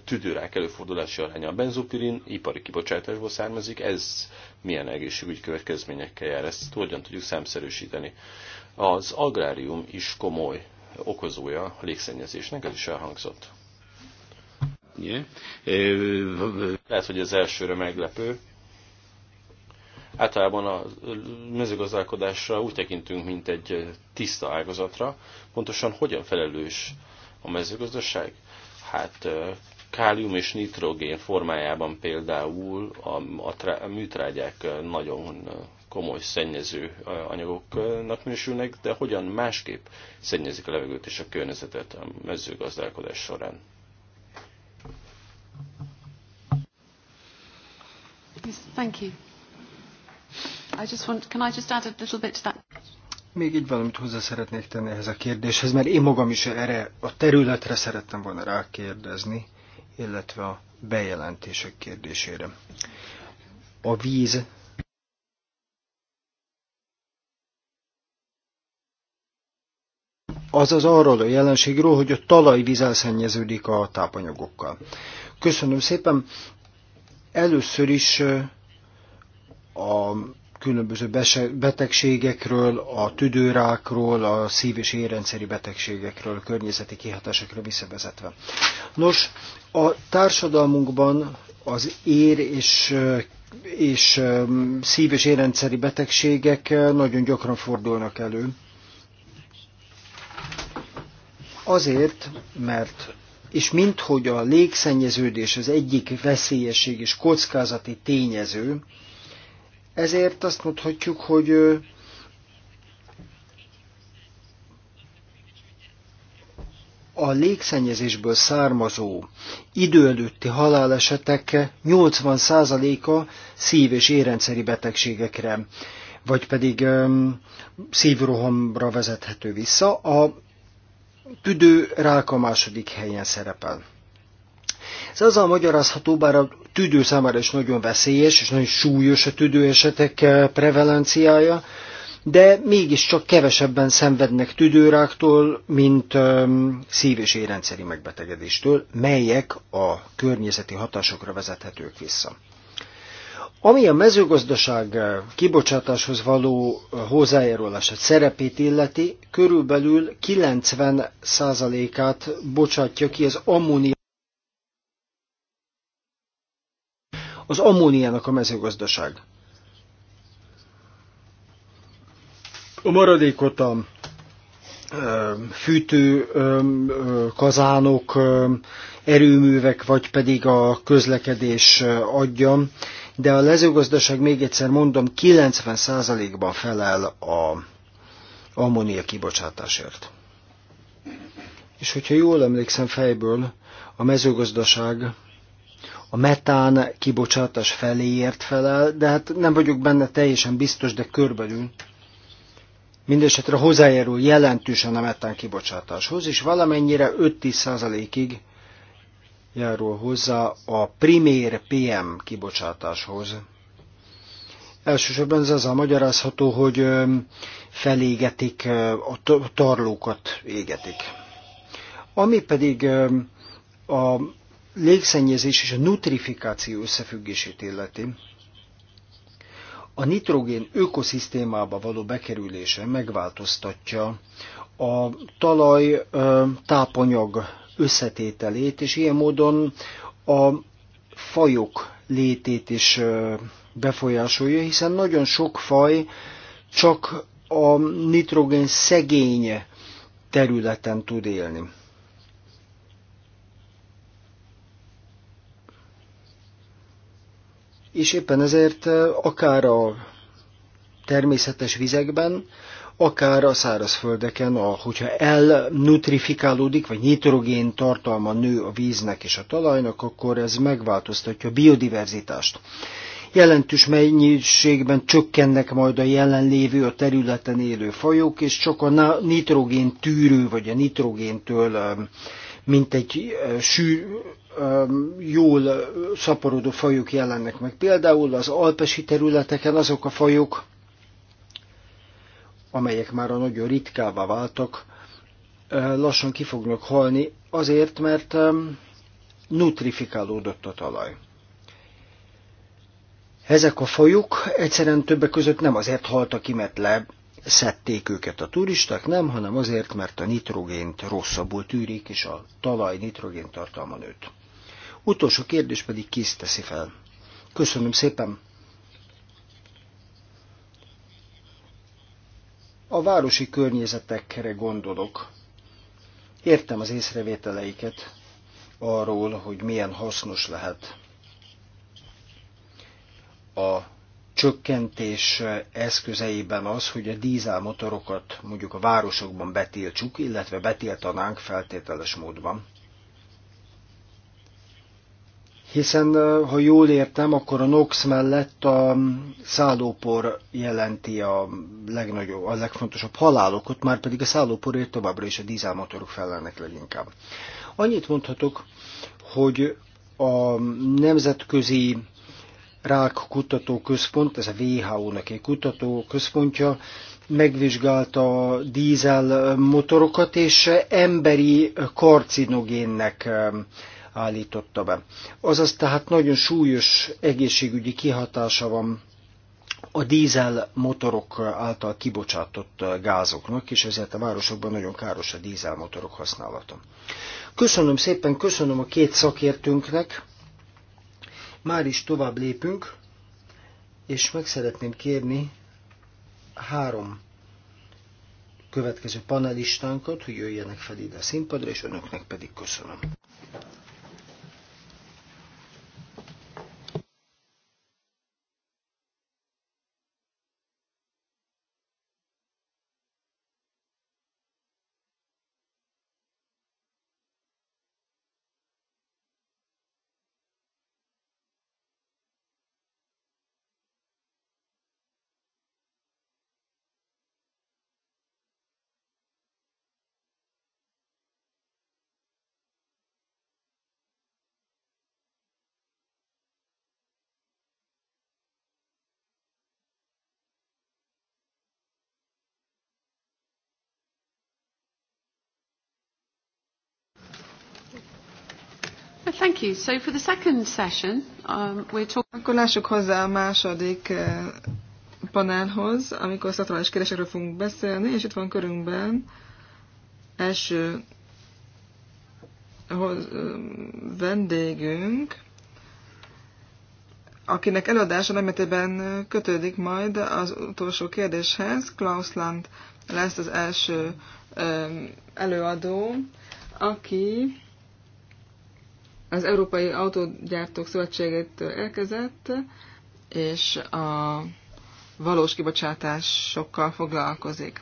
tüdőrák előfordulási aránya. A benzopirin ipari kibocsátásból származik, ez milyen egészségügyi következményekkel jár, ezt hogyan tudjuk számszerűsíteni. Az agrárium is komoly okozója a légszennyezésnek, ez is elhangzott. Yeah. Lehet, hogy az elsőre meglepő, Általában a mezőgazdálkodásra úgy tekintünk, mint egy tiszta ágazatra. Pontosan hogyan felelős a mezőgazdaság? Hát kálium és nitrogén formájában például a, a, trá, a műtrágyák nagyon komoly szennyező anyagoknak minősülnek, de hogyan másképp szennyezik a levegőt és a környezetet a mezőgazdálkodás során? Thank you. I just want, can I just add a little bit to that? Még egy valamit hozzá szeretnék tenni ehhez a kérdéshez, mert én magam is erre a területre szerettem volna rákérdezni, illetve a bejelentések kérdésére. A víz az az arról a jelenségről, hogy a talajvíz elszennyeződik a tápanyagokkal. Köszönöm szépen. Először is a különböző betegségekről, a tüdőrákról, a szív- és érrendszeri betegségekről, a környezeti kihatásokról visszavezetve. Nos, a társadalmunkban az ér és és um, szív- és érrendszeri betegségek nagyon gyakran fordulnak elő. Azért, mert és minthogy a légszennyeződés az egyik veszélyesség és kockázati tényező, ezért azt mondhatjuk, hogy a légszennyezésből származó idő előtti halálesetek 80%-a szív- és érrendszeri betegségekre, vagy pedig szívrohamra vezethető vissza. A tüdő ráka második helyen szerepel. Ez azzal magyarázható, bár a tüdő számára is nagyon veszélyes, és nagyon súlyos a tüdőesetek eh, prevalenciája, de mégiscsak kevesebben szenvednek tüdőráktól, mint öm, ehm, szív- és érrendszeri megbetegedéstől, melyek a környezeti hatásokra vezethetők vissza. Ami a mezőgazdaság eh, kibocsátáshoz való eh, hozzájárulását szerepét illeti, körülbelül 90%-át bocsátja ki az ammónia az ammóniának a mezőgazdaság. A maradékot a fűtő kazánok, erőművek, vagy pedig a közlekedés adja, de a lezőgazdaság, még egyszer mondom, 90%-ban felel a ammónia kibocsátásért. És hogyha jól emlékszem fejből, a mezőgazdaság a metán kibocsátás feléért felel, de hát nem vagyok benne teljesen biztos, de körbelül. Mindenesetre hozzájárul jelentősen a metán kibocsátáshoz, és valamennyire 5-10%-ig járul hozzá a primér PM kibocsátáshoz. Elsősorban ez az a magyarázható, hogy felégetik, a tarlókat égetik. Ami pedig a légszennyezés és a nutrifikáció összefüggését illeti, a nitrogén ökoszisztémába való bekerülése megváltoztatja a talaj tápanyag összetételét, és ilyen módon a fajok létét is befolyásolja, hiszen nagyon sok faj csak a nitrogén szegény területen tud élni. és éppen ezért akár a természetes vizekben, akár a szárazföldeken, a, hogyha elnutrifikálódik, vagy nitrogén tartalma nő a víznek és a talajnak, akkor ez megváltoztatja a biodiverzitást. Jelentős mennyiségben csökkennek majd a jelenlévő a területen élő fajok, és csak a nitrogén tűrő, vagy a nitrogéntől, mint egy sű, jól szaporodó fajok jelennek meg. Például az alpesi területeken azok a fajok, amelyek már a nagyon ritkává váltak, lassan ki fognak halni, azért, mert nutrifikálódott a talaj. Ezek a fajok egyszerűen többek között nem azért haltak ki, mert szedték őket a turisták, nem, hanem azért, mert a nitrogént rosszabbul tűrik, és a talaj nitrogén tartalma nőtt. Utolsó kérdés pedig kész teszi fel. Köszönöm szépen! A városi környezetekre gondolok. Értem az észrevételeiket arról, hogy milyen hasznos lehet a csökkentés eszközeiben az, hogy a dízelmotorokat mondjuk a városokban betiltsuk, illetve betiltanánk feltételes módban hiszen ha jól értem, akkor a NOx mellett a szállópor jelenti a legnagyobb, a legfontosabb halálokot, már pedig a szállóporért továbbra is a dízelmotorok felelnek leginkább. Annyit mondhatok, hogy a nemzetközi rák kutató központ, ez a WHO-nak egy kutató központja, megvizsgálta a dízel motorokat, és emberi karcinogénnek állította be. Azaz tehát nagyon súlyos egészségügyi kihatása van a dízel motorok által kibocsátott gázoknak, és ezért a városokban nagyon káros a dízel motorok használata. Köszönöm szépen, köszönöm a két szakértőnknek. Már is tovább lépünk, és meg szeretném kérni három következő panelistánkat, hogy jöjjenek fel ide a színpadra, és önöknek pedig köszönöm. Thank you. So for the second session, um, we're talking... Akkor lássuk hozzá a második eh, panelhoz, amikor szatrális kérdésekről fogunk beszélni, és itt van körünkben első hoz, eh, vendégünk, akinek előadása nemetében kötődik majd az utolsó kérdéshez. Klaus Land lesz az első eh, előadó, aki az Európai Autógyártók Szövetségét elkezett, és a valós kibocsátásokkal foglalkozik.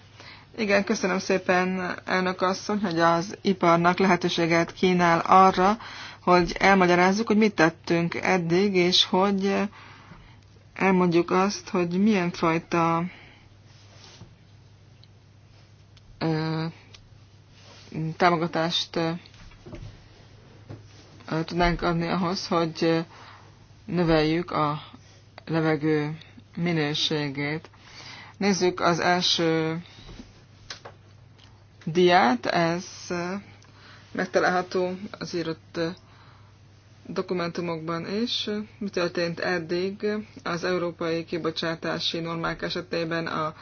Igen, köszönöm szépen, elnök asszony, hogy az iparnak lehetőséget kínál arra, hogy elmagyarázzuk, hogy mit tettünk eddig, és hogy elmondjuk azt, hogy milyen fajta támogatást tudnánk adni ahhoz, hogy növeljük a levegő minőségét. Nézzük az első diát, ez megtalálható az írott dokumentumokban is. Mi történt eddig az európai kibocsátási normák esetében a,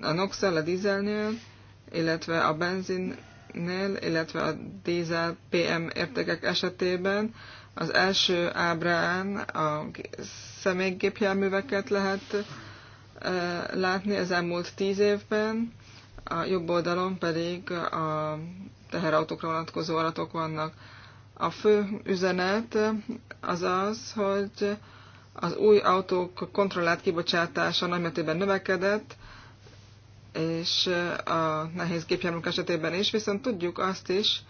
a nox a dízelnél, illetve a benzin nél, illetve a dízel PM értékek esetében az első ábrán a személygépjárműveket lehet látni az elmúlt tíz évben, a jobb oldalon pedig a teherautókra vonatkozó adatok vannak. A fő üzenet az az, hogy az új autók kontrollált kibocsátása nagymetében növekedett, és eh, a nehéz gépjárműk esetében is, viszont tudjuk azt is,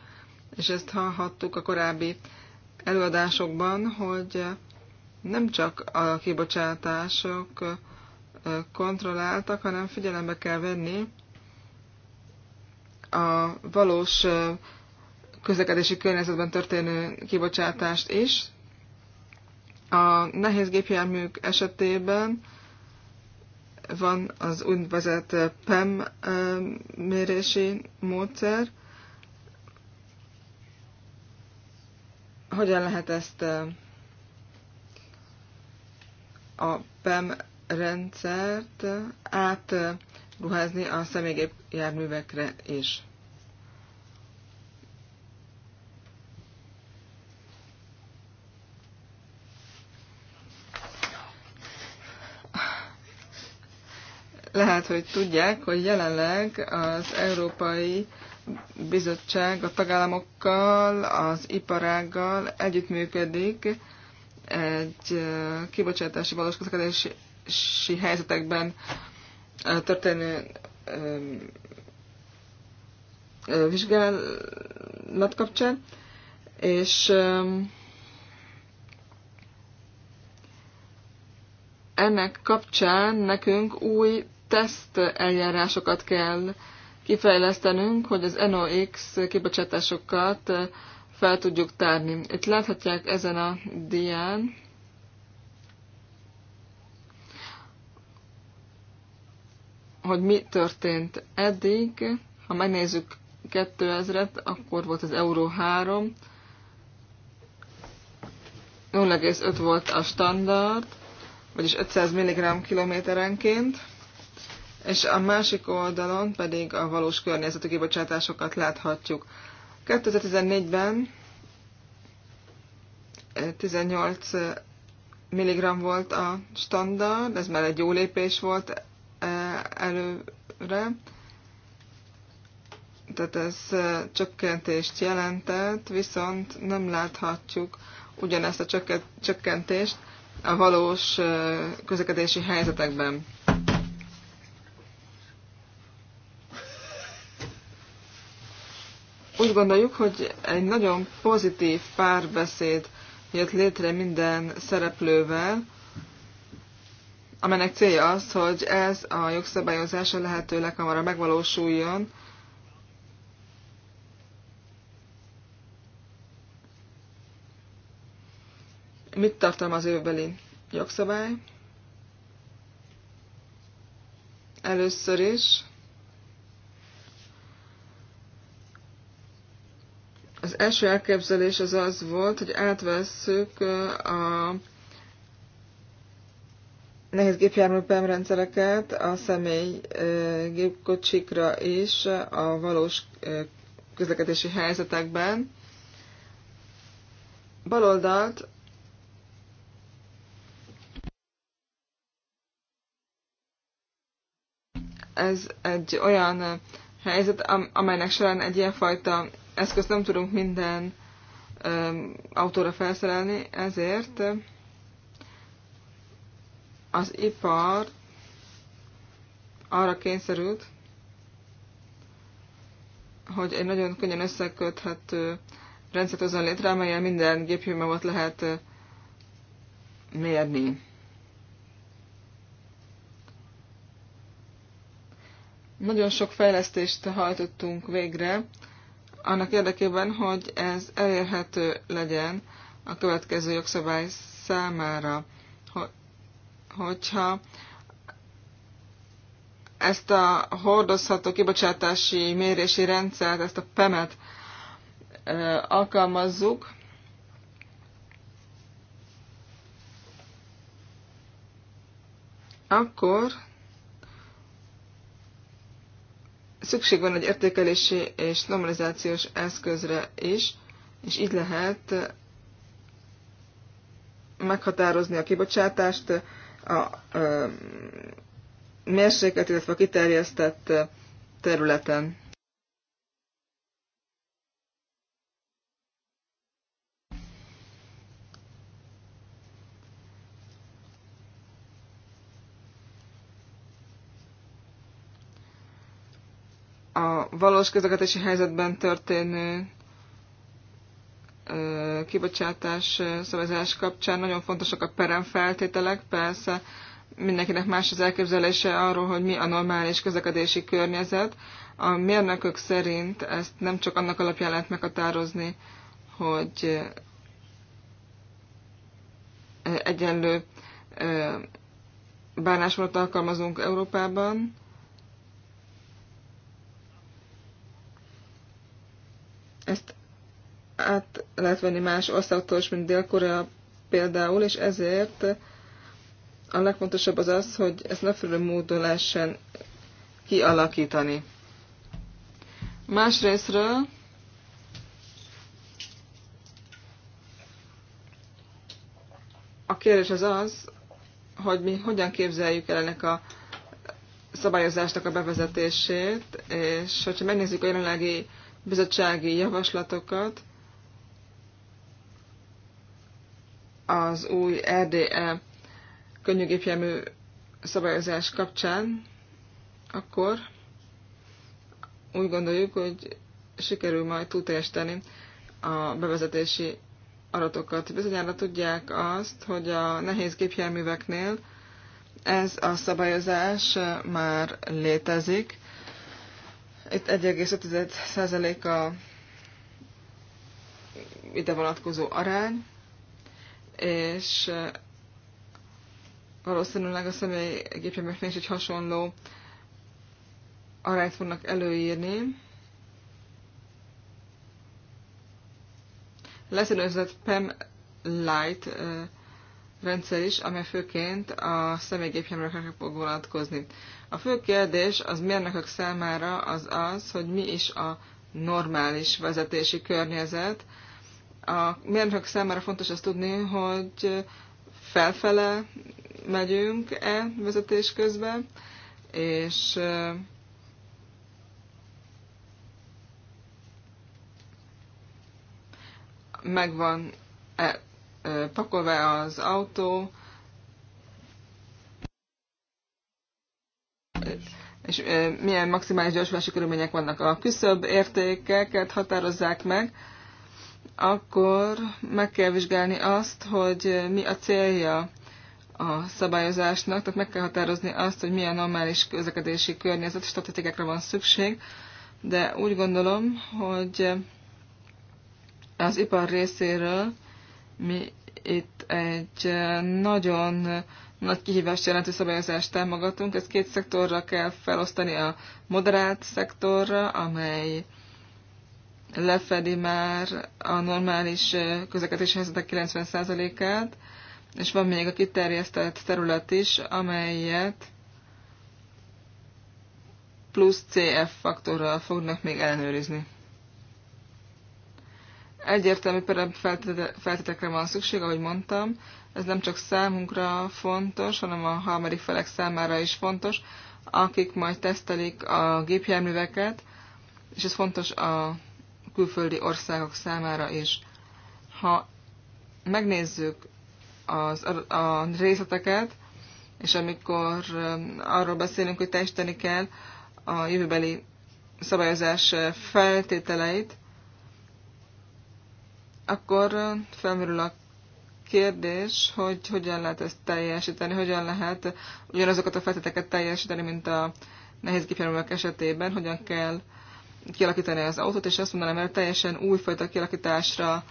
és ezt hallhattuk a korábbi előadásokban, hogy nem csak a kibocsátások eh, kontrolláltak, hanem figyelembe kell venni a valós eh, közlekedési környezetben történő kibocsátást is. A nehéz gépjárműk esetében van az úgynevezett PEM mérési módszer. Hogyan lehet ezt a PEM rendszert átruházni a járművekre is? Lehet, hogy tudják, hogy jelenleg az Európai Bizottság a tagállamokkal, az iparággal együttműködik egy kibocsátási valós közlekedési helyzetekben történő vizsgálat kapcsán, és ennek kapcsán nekünk új teszt eljárásokat kell kifejlesztenünk, hogy az NOx kibocsátásokat fel tudjuk tárni. Itt láthatják ezen a dián, hogy mi történt eddig. Ha megnézzük 2000-et, akkor volt az Euró 3, 0,5 volt a standard, vagyis 500 mg kilométerenként és a másik oldalon pedig a valós környezeti kibocsátásokat láthatjuk. 2014-ben 18 mg volt a standard, ez már egy jó lépés volt előre, tehát ez csökkentést jelentett, viszont nem láthatjuk ugyanezt a csökkentést a valós közlekedési helyzetekben. Úgy gondoljuk, hogy egy nagyon pozitív párbeszéd jött létre minden szereplővel, amelynek célja az, hogy ez a jogszabályozás a lehető leghamarabb megvalósuljon, Mit tartalmaz jövőbeli jogszabály? Először is Az első elképzelés az az volt, hogy átvesszük a nehéz gépjármű rendszereket a személy gépkocsikra is a valós közlekedési helyzetekben. Baloldalt ez egy olyan helyzet, amelynek során egy ilyenfajta eszközt nem tudunk minden autóra felszerelni, ezért az ipar arra kényszerült, hogy egy nagyon könnyen összeköthető rendszert hozzon létre, amelyen minden gépjúmot lehet mérni. Nagyon sok fejlesztést hajtottunk végre annak érdekében, hogy ez elérhető legyen a következő jogszabály számára, hogyha ezt a hordozható kibocsátási mérési rendszert, ezt a PEMET alkalmazzuk, akkor szükség van egy értékelési és normalizációs eszközre is, és így lehet meghatározni a kibocsátást, a, a illetve a kiterjesztett területen. a valós közlekedési helyzetben történő kibocsátás szavazás kapcsán nagyon fontosak a peremfeltételek, persze mindenkinek más az elképzelése arról, hogy mi a normális közlekedési környezet. A mérnökök szerint ezt nem csak annak alapján lehet meghatározni, hogy egyenlő bánásmódot alkalmazunk Európában, ezt át lehet venni más országtól is, mint Dél-Korea például, és ezért a legfontosabb az az, hogy ezt megfelelő módon lehessen kialakítani. Másrésztről a kérdés az az, hogy mi hogyan képzeljük el ennek a szabályozásnak a bevezetését, és hogyha megnézzük a jelenlegi bizottsági javaslatokat az új RDE könnyűgépjármű szabályozás kapcsán, akkor úgy gondoljuk, hogy sikerül majd túlteljesíteni a bevezetési adatokat. Bizonyára tudják azt, hogy a nehéz gépjárműveknél ez a szabályozás már létezik, itt 1,5% a ide vonatkozó arány, és valószínűleg a személygépjárműknél is egy hasonló arányt fognak előírni. Lesz egy PEM Light rendszer is, amely főként a személygépjárműekre fog vonatkozni. A fő kérdés az mérnökök számára az az, hogy mi is a normális vezetési környezet. A mérnökök számára fontos azt tudni, hogy felfele megyünk-e vezetés közben, és megvan -e pakolva az autó, és milyen maximális gyorsulási körülmények vannak. A küszöbb értékeket határozzák meg, akkor meg kell vizsgálni azt, hogy mi a célja a szabályozásnak, tehát meg kell határozni azt, hogy milyen normális közlekedési környezet statisztikákra van szükség, de úgy gondolom, hogy az ipar részéről mi itt egy nagyon nagy kihívást jelentő szabályozást támogatunk. Ezt két szektorra kell felosztani, a moderált szektorra, amely lefedi már a normális közlekedési helyzetek 90%-át, és van még a kiterjesztett terület is, amelyet plusz CF faktorral fognak még ellenőrizni. Egyértelmű feltételekre van szükség, ahogy mondtam. Ez nem csak számunkra fontos, hanem a harmadik felek számára is fontos, akik majd tesztelik a gépjárműveket, és ez fontos a külföldi országok számára is. Ha megnézzük az, a részleteket, és amikor um, arról beszélünk, hogy testeni kell a jövőbeli szabályozás uh, feltételeit, akkor felmerül a kérdés, hogy hogyan lehet ezt teljesíteni, hogyan lehet ugyanazokat a feltételeket teljesíteni, mint a nehéz gépjárművek esetében, hogyan kell kialakítani az autót, és azt mondanám, mert teljesen újfajta kialakításra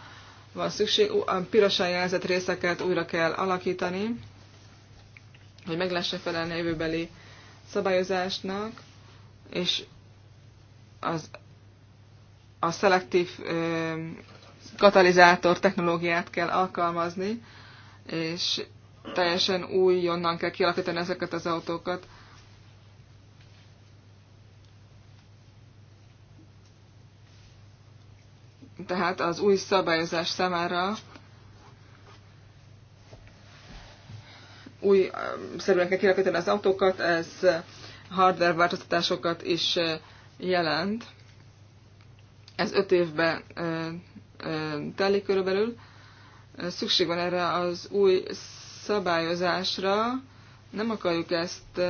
van szükség, a pirosan jelzett részeket újra kell alakítani, hogy meg lehessen felelni a jövőbeli szabályozásnak, és az, a szelektív ö, katalizátor technológiát kell alkalmazni, és teljesen újonnan kell kialakítani ezeket az autókat. Tehát az új szabályozás számára új szerűen kell kialakítani az autókat, ez hardware változtatásokat is jelent. Ez öt évben telik körülbelül. Szükség van erre az új szabályozásra. Nem akarjuk ezt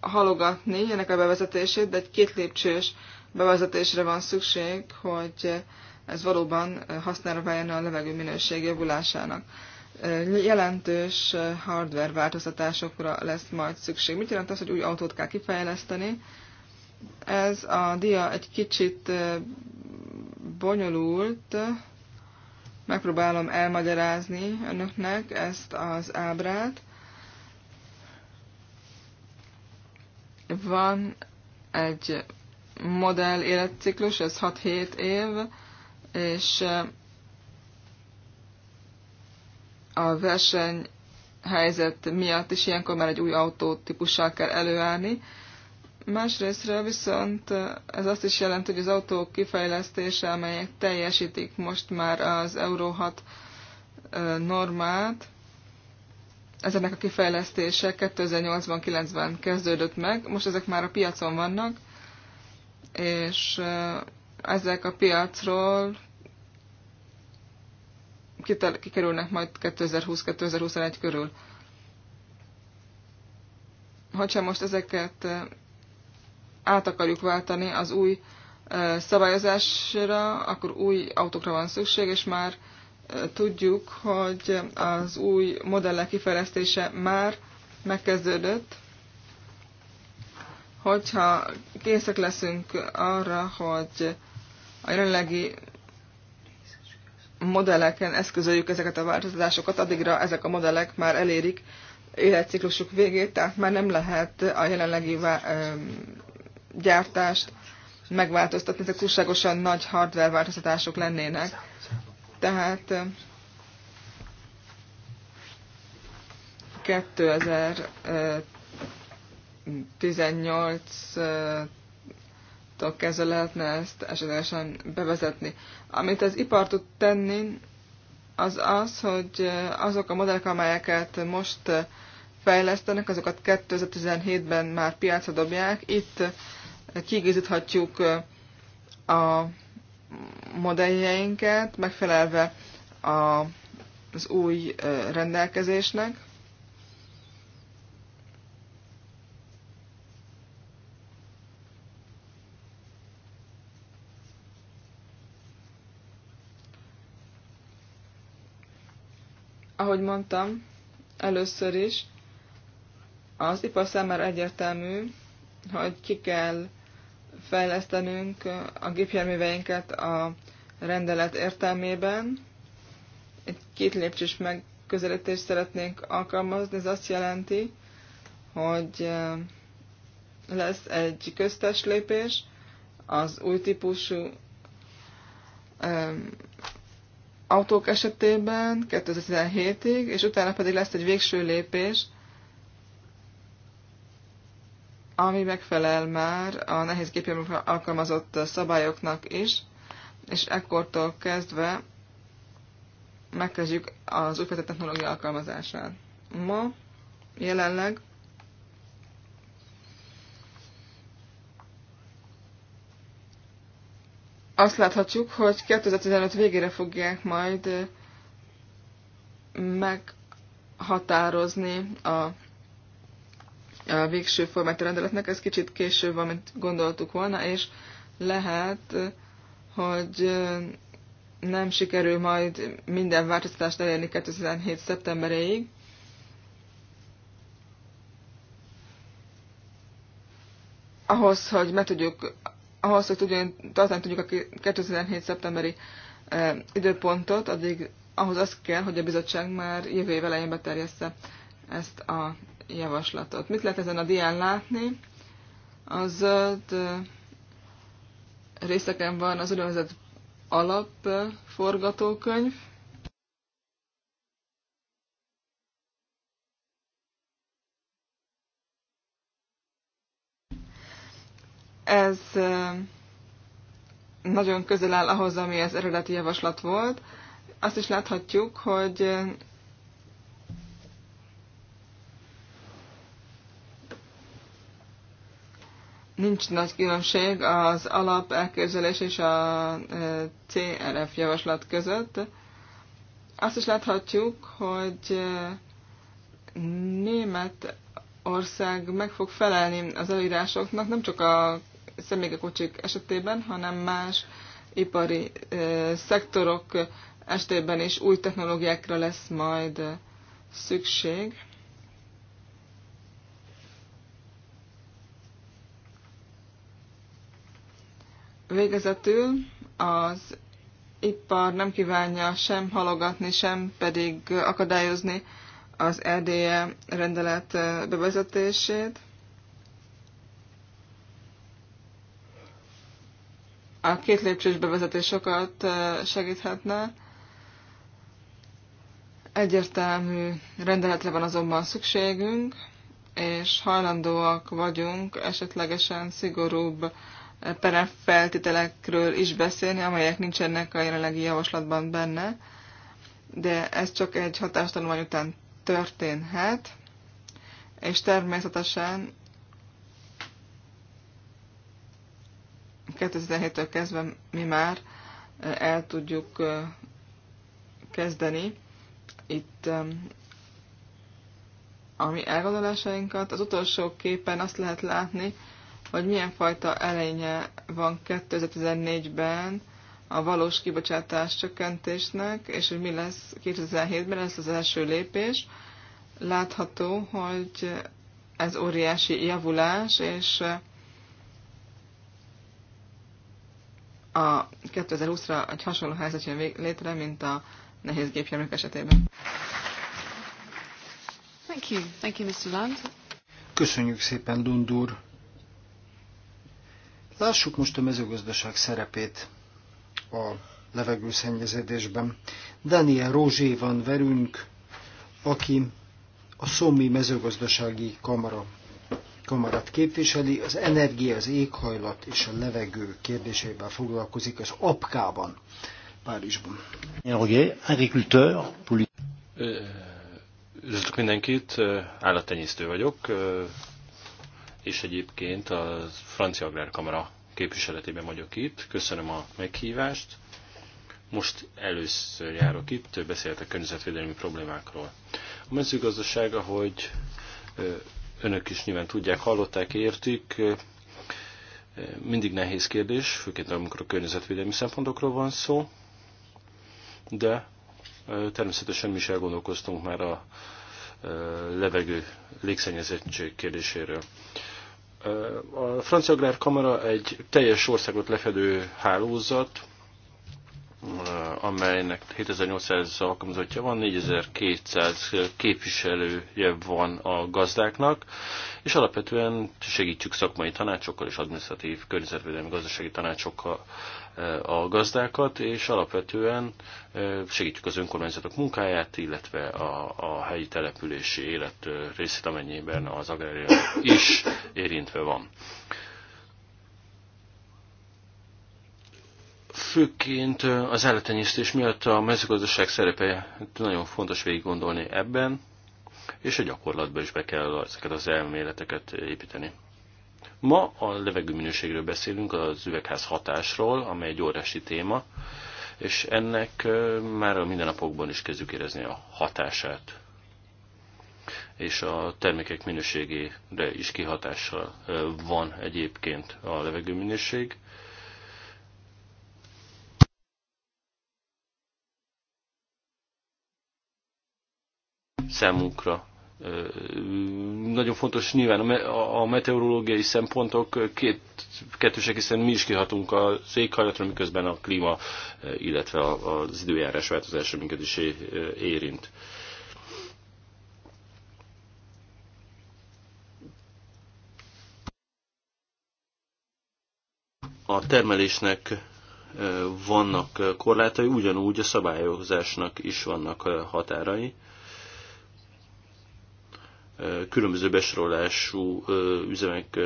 halogatni, ennek a bevezetését, de egy két lépcsős bevezetésre van szükség, hogy ez valóban használva váljon a levegő minőség javulásának. Jelentős hardware változtatásokra lesz majd szükség. Mit jelent az, hogy új autót kell kifejleszteni? Ez a dia egy kicsit bonyolult, megpróbálom elmagyarázni önöknek ezt az ábrát. Van egy modell életciklus, ez 6-7 év, és eh, a verseny helyzet miatt is ilyenkor már egy új autótípussal kell előállni, Másrésztről viszont eh, ez azt is jelenti, hogy az autók kifejlesztése, amelyek teljesítik most már az Euro 6 eh, normát, ezeknek a kifejlesztése 2008 ben kezdődött meg, most ezek már a piacon vannak, és eh, ezek a piacról kikerülnek majd 2020-2021 körül. Hogyha most ezeket át akarjuk váltani az új szabályozásra, akkor új autókra van szükség, és már tudjuk, hogy az új modellek kifejlesztése már megkezdődött. Hogyha készek leszünk arra, hogy a jelenlegi modelleken eszközöljük ezeket a változásokat, addigra ezek a modellek már elérik életciklusuk végét, tehát már nem lehet a jelenlegi gyártást megváltoztatni, ezek túlságosan nagy hardware változtatások lennének. Tehát 2018-tól kezdve lehetne ezt esetlegesen bevezetni. Amit az ipar tud tenni, az az, hogy azok a modellek, amelyeket most fejlesztenek, azokat 2017-ben már piacra dobják. Itt kiigazíthatjuk a modelljeinket, megfelelve a, az új rendelkezésnek. Ahogy mondtam, először is az ipar számára egyértelmű, hogy ki kell fejlesztenünk a gépjárműveinket a rendelet értelmében. Egy két lépcsős megközelítést szeretnénk alkalmazni. Ez azt jelenti, hogy eh, lesz egy köztes lépés az új típusú eh, autók esetében 2017-ig, és utána pedig lesz egy végső lépés ami megfelel már a nehéz gépjárműkre alkalmazott szabályoknak is, és ekkortól kezdve megkezdjük az újfajta technológia alkalmazását. Ma, jelenleg azt láthatjuk, hogy 2015 végére fogják majd meghatározni a a végső formát a rendeletnek. Ez kicsit később van, mint gondoltuk volna, és lehet, hogy nem sikerül majd minden változtatást elérni 2007. szeptemberéig. Ahhoz, hogy meg tudjuk, ahhoz, hogy tudjunk, tartani tudjuk a 2007. szeptemberi eh, időpontot, addig ahhoz az kell, hogy a bizottság már jövő év elején beterjessze ezt a javaslatot. Mit lehet ezen a dián látni? A zöld részeken van az úgynevezett alapforgatókönyv, ez nagyon közel áll ahhoz, ami az eredeti javaslat volt. Azt is láthatjuk, hogy Nincs nagy különbség az alap elképzelés és a e, CRF javaslat között. Azt is láthatjuk, hogy e, német ország meg fog felelni az elírásoknak, nem csak a személyekocsik esetében, hanem más ipari e, szektorok esetében is új technológiákra lesz majd szükség. Végezetül az ipar nem kívánja sem halogatni, sem pedig akadályozni az EDE rendelet bevezetését. A két lépcsős bevezetés sokat segíthetne. Egyértelmű rendeletre van azonban szükségünk, és hajlandóak vagyunk esetlegesen szigorúbb feltételekről is beszélni, amelyek nincsenek a jelenlegi javaslatban benne, de ez csak egy hatástanulmány után történhet, és természetesen 2007-től kezdve mi már el tudjuk kezdeni itt a mi elgondolásainkat. Az utolsó képen azt lehet látni, hogy milyen fajta elénye van 2014-ben a valós kibocsátás csökkentésnek, és hogy mi lesz 2007-ben, ez az első lépés. Látható, hogy ez óriási javulás, és a 2020-ra egy hasonló helyzet jön létre, mint a nehéz gépjárműk esetében. Thank you. Thank you, Mr. Land. Köszönjük szépen, Dundur. Lássuk most a mezőgazdaság szerepét a levegőszennyeződésben. Daniel Rózsé van velünk, aki a Szomi mezőgazdasági kamara kamarát képviseli, az energia, az éghajlat és a levegő kérdésével foglalkozik az APK-ban, Párizsban. agriculteur, Üdvözlök mindenkit, állattenyésztő vagyok, és egyébként a Francia Agrárkamara képviseletében vagyok itt. Köszönöm a meghívást. Most először járok itt, beszéltek környezetvédelmi problémákról. A mezőgazdaság, ahogy önök is nyilván tudják, hallották, értik, mindig nehéz kérdés, főként amikor a környezetvédelmi szempontokról van szó, de természetesen mi is elgondolkoztunk már a levegő légszennyezettség kérdéséről. A francia agrárkamara egy teljes országot lefedő hálózat, Eh, amelynek 7800 alkalmazottja van, 4200 képviselője van a gazdáknak, és alapvetően segítjük szakmai tanácsokkal és adminisztratív környezetvédelmi gazdasági tanácsokkal eh, a gazdákat, és alapvetően eh, segítjük az önkormányzatok munkáját, illetve a, a helyi települési élet részét, amennyiben az agrária is érintve van. Főként az állatenyésztés miatt a mezőgazdaság szerepe nagyon fontos végig gondolni ebben, és a gyakorlatban is be kell ezeket az elméleteket építeni. Ma a levegőminőségről beszélünk, az üvegház hatásról, amely egy órási téma, és ennek már a mindennapokban is kezdjük érezni a hatását és a termékek minőségére is kihatással van egyébként a levegőminőség. számunkra nagyon fontos nyilván a meteorológiai szempontok két, kettősek, hiszen mi is kihatunk az éghajlatra, miközben a klíma, illetve az időjárás változása minket is érint. A termelésnek vannak korlátai, ugyanúgy a szabályozásnak is vannak határai különböző besorolású üzemek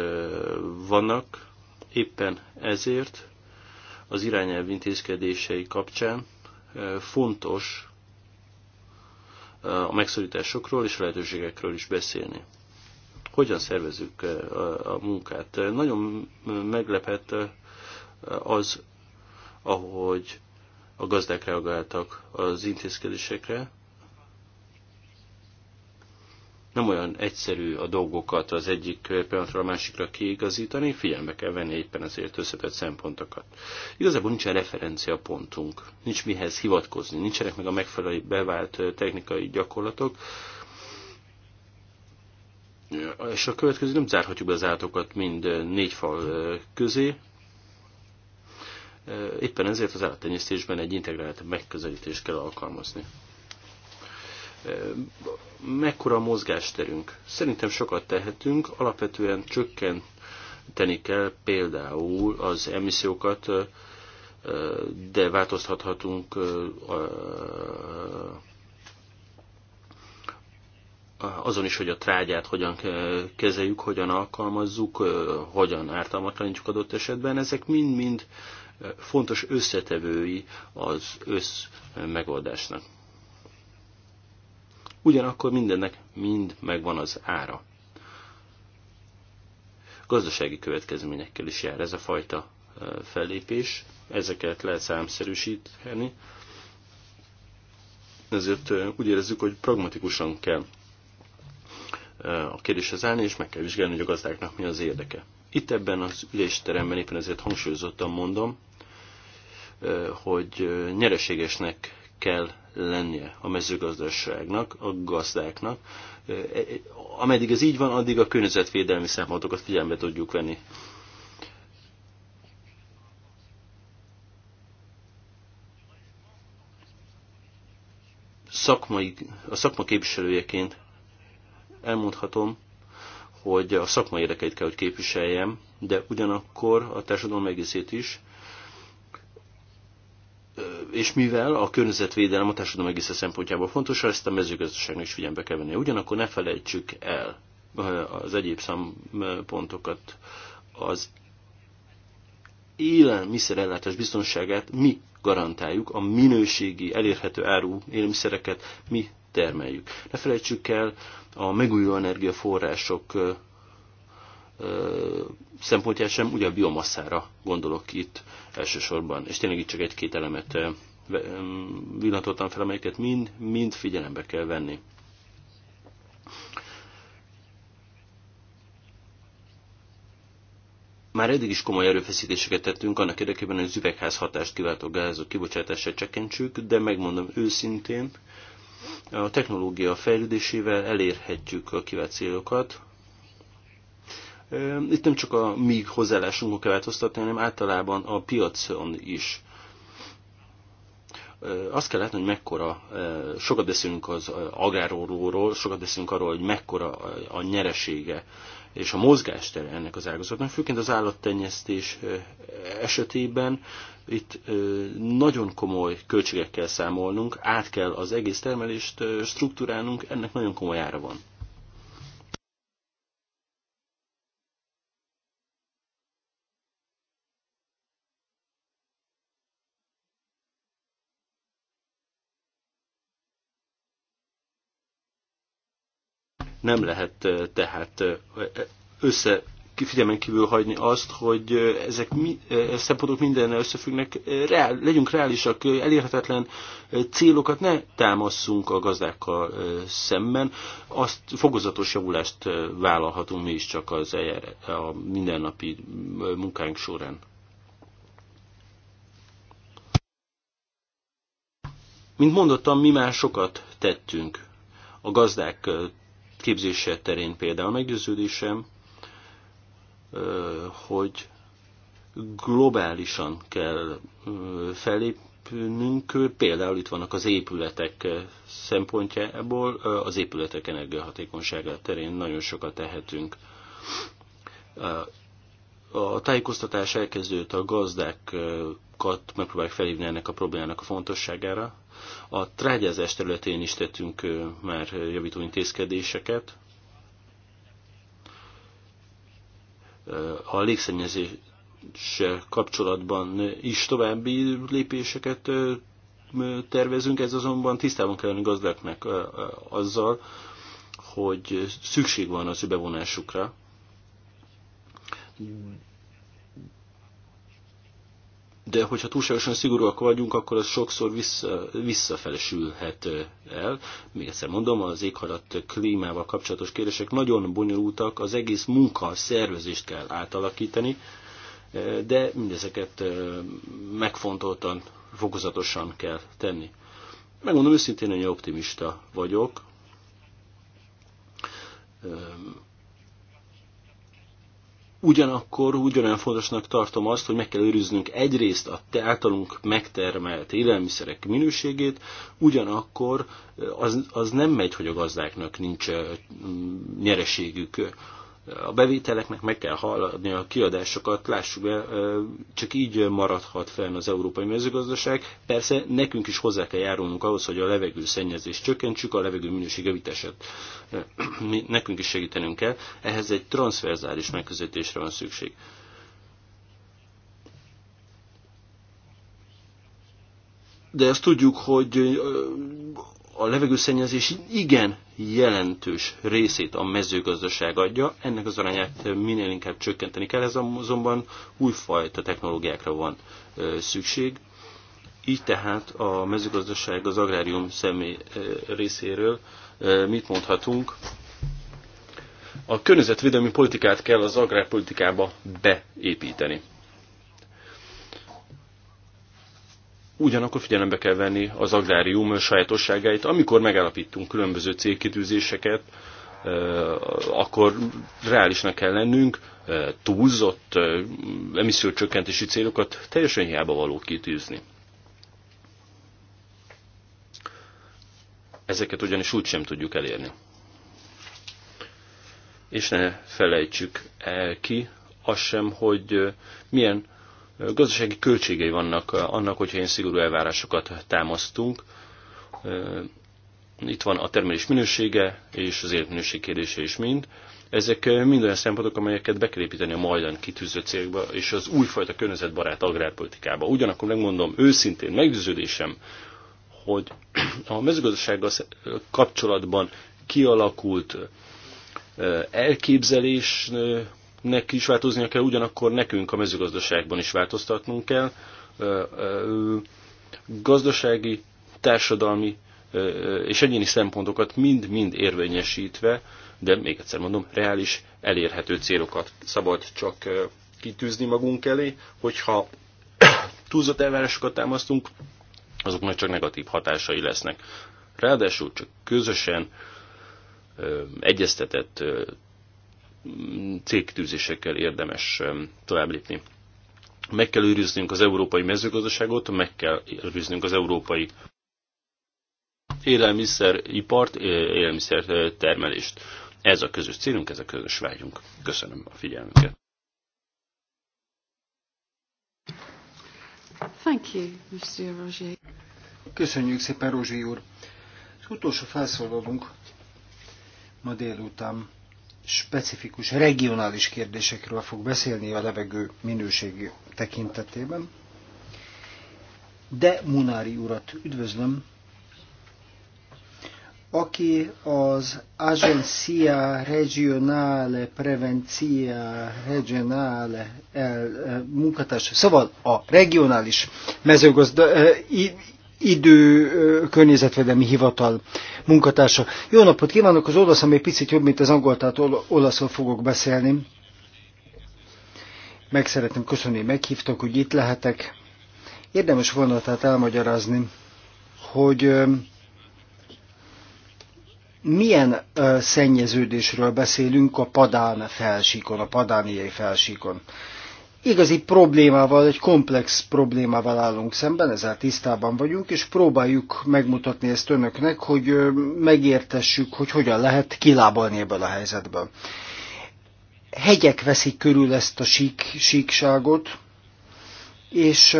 vannak, éppen ezért az irányelv intézkedései kapcsán fontos a megszorításokról és a lehetőségekről is beszélni. Hogyan szervezzük a munkát? Nagyon meglepett az, ahogy a gazdák reagáltak az intézkedésekre, nem olyan egyszerű a dolgokat az egyik pillanatról a másikra kiigazítani, figyelme kell venni éppen ezért összetett szempontokat. Igazából nincsen referencia pontunk, nincs mihez hivatkozni, nincsenek meg a megfelelő bevált technikai gyakorlatok, és a következő nem zárhatjuk be az állatokat mind négy fal közé. Éppen ezért az állattenyésztésben egy integrált megközelítést kell alkalmazni mekkora a mozgásterünk. Szerintem sokat tehetünk, alapvetően csökkenteni kell például az emissziókat, de változtathatunk azon is, hogy a trágyát hogyan kezeljük, hogyan alkalmazzuk, hogyan ártalmatlanítjuk adott esetben. Ezek mind-mind fontos összetevői az össz megoldásnak. Ugyanakkor mindennek mind megvan az ára. Gazdasági következményekkel is jár ez a fajta fellépés, ezeket lehet számszerűsíteni, ezért úgy érezzük, hogy pragmatikusan kell a kérdéshez állni, és meg kell vizsgálni, hogy a gazdáknak mi az érdeke. Itt ebben az ülésteremben éppen ezért hangsúlyozottan mondom, hogy nyereségesnek kell lennie a mezőgazdaságnak, a gazdáknak. E, e, ameddig ez így van, addig a környezetvédelmi szempontokat figyelembe tudjuk venni. Szakmai, a szakma képviselőjeként elmondhatom, hogy a szakma érdekeit kell, hogy képviseljem, de ugyanakkor a társadalom egészét is, és mivel a környezetvédelem a társadalom egész szempontjából fontos, ezt a mezőgazdaságnak is figyelembe kell venni. Ugyanakkor ne felejtsük el eh, az egyéb szempontokat, az élelmiszerellátás biztonságát mi garantáljuk, a minőségi, elérhető áru élelmiszereket mi termeljük. Ne felejtsük el a megújuló energiaforrások eh, szempontjára sem, ugye a biomasszára gondolok itt elsősorban. És tényleg itt csak egy-két elemet villantottam fel, amelyeket mind, mind figyelembe kell venni. Már eddig is komoly erőfeszítéseket tettünk annak érdekében, hogy az üvegház hatást kiváltó gázok kibocsátását csökkentsük, de megmondom őszintén, a technológia fejlődésével elérhetjük a kivált célokat, itt nem csak a mi hozzáállásunkon kell változtatni, hanem általában a piacon is. Azt kell látni, hogy mekkora, sokat beszélünk az agrárólóról, sokat beszélünk arról, hogy mekkora a nyeresége és a mozgástere ennek az ágazatnak, főként az állattenyésztés esetében itt nagyon komoly költségekkel számolnunk, át kell az egész termelést struktúrálnunk, ennek nagyon komoly ára van. Nem lehet tehát össze figyelmen kívül hagyni azt, hogy ezek mi, e szempontok mindenre összefüggnek, reál, legyünk reálisak, elérhetetlen célokat ne támasszunk a gazdákkal szemben, azt fokozatos javulást vállalhatunk mi is csak az eljár, a mindennapi munkánk során. Mint mondottam, mi már sokat tettünk. A gazdák képzése terén például meggyőződésem, hogy globálisan kell fellépnünk, például itt vannak az épületek szempontjából, az épületek energiahatékonysága terén nagyon sokat tehetünk. A tájékoztatás elkezdődött a gazdákat, megpróbáljuk felhívni ennek a problémának a fontosságára, a trágyázás területén is tettünk már javító intézkedéseket. A légszennyezéssel kapcsolatban is további lépéseket tervezünk, ez azonban tisztában kell lenni gazdáknak azzal, hogy szükség van az ő bevonásukra, de hogyha túlságosan szigorúak vagyunk, akkor az sokszor vissza, visszafelesülhet el. Még egyszer mondom, az éghajlat klímával kapcsolatos kérdések nagyon bonyolultak, az egész munka szervezést kell átalakítani, de mindezeket megfontoltan, fokozatosan kell tenni. Megmondom őszintén, hogy optimista vagyok. Ugyanakkor ugyanolyan fontosnak tartom azt, hogy meg kell őriznünk egyrészt a általunk megtermelt élelmiszerek minőségét, ugyanakkor az, az nem megy, hogy a gazdáknak nincs nyereségük a bevételeknek meg kell haladni a kiadásokat, lássuk be, csak így maradhat fenn az európai mezőgazdaság. Persze nekünk is hozzá kell járulnunk ahhoz, hogy a levegő szennyezést csökkentsük, a levegő minőség javítását nekünk is segítenünk kell. Ehhez egy transferzális megközelítésre van szükség. De azt tudjuk, hogy a levegőszennyezés igen jelentős részét a mezőgazdaság adja, ennek az arányát minél inkább csökkenteni kell, ez azonban újfajta technológiákra van szükség. Így tehát a mezőgazdaság az agrárium személy részéről mit mondhatunk? A környezetvédelmi politikát kell az agrárpolitikába beépíteni. ugyanakkor figyelembe kell venni az agrárium sajátosságait. Amikor megállapítunk különböző célkitűzéseket, akkor reálisnak kell lennünk, túlzott emissziócsökkentési célokat teljesen hiába való kitűzni. Ezeket ugyanis úgy sem tudjuk elérni. És ne felejtsük el ki azt sem, hogy milyen gazdasági költségei vannak eh, annak, hogyha ilyen szigorú elvárásokat támasztunk. Eh, itt van a termelés minősége és az életminőség kérdése is mind. Ezek eh, mind olyan szempontok, amelyeket be kell építeni a majdan kitűzött célba és az újfajta környezetbarát agrárpolitikába. Ugyanakkor megmondom őszintén, meggyőződésem, hogy a mezőgazdasággal kapcsolatban kialakult elképzelés neki is változnia kell, ugyanakkor nekünk a mezőgazdaságban is változtatnunk kell. Gazdasági, társadalmi és egyéni szempontokat mind-mind érvényesítve, de még egyszer mondom, reális, elérhető célokat szabad csak kitűzni magunk elé, hogyha túlzott elvárásokat támasztunk, azoknak csak negatív hatásai lesznek. Ráadásul csak közösen egyeztetett cégtűzésekkel érdemes tovább lépni. Meg kell őriznünk az európai mezőgazdaságot, meg kell őriznünk az európai élelmiszeripart, élelmiszer termelést. Ez a közös célunk, ez a közös vágyunk. Köszönöm a figyelmüket. Thank you, Mr. Roger. Köszönjük szépen, Rózsi úr. Az utolsó felszólalunk ma délután specifikus regionális kérdésekről fog beszélni a levegő minőségi tekintetében. De Munári urat üdvözlöm, aki az Agencia Regionale Prevencia Regionale el, eh, eh, munkatársa, szóval a regionális mezőgazda, eh, idő környezetvédelmi hivatal munkatársa. Jó napot kívánok, az olasz, ami picit jobb, mint az angol, tehát olaszul fogok beszélni. Meg szeretném köszönni, meghívtak, hogy itt lehetek. Érdemes volna tehát elmagyarázni, hogy milyen szennyeződésről beszélünk a Padán felsíkon, a padániai felsíkon igazi problémával, egy komplex problémával állunk szemben, ezzel tisztában vagyunk, és próbáljuk megmutatni ezt önöknek, hogy megértessük, hogy hogyan lehet kilábalni ebből a helyzetből. Hegyek veszik körül ezt a sík, síkságot, és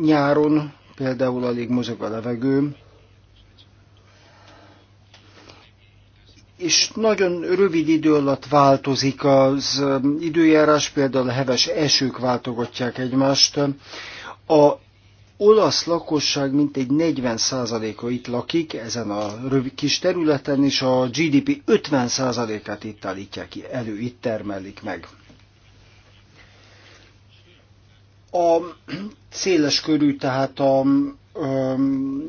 nyáron például alig mozog a levegő, és nagyon rövid idő alatt változik az um, időjárás, például a heves esők váltogatják egymást. A olasz lakosság mintegy 40%-a itt lakik ezen a rövid kis területen, és a GDP 50%-át itt állítják ki, elő, itt termelik meg. A széles körű, tehát a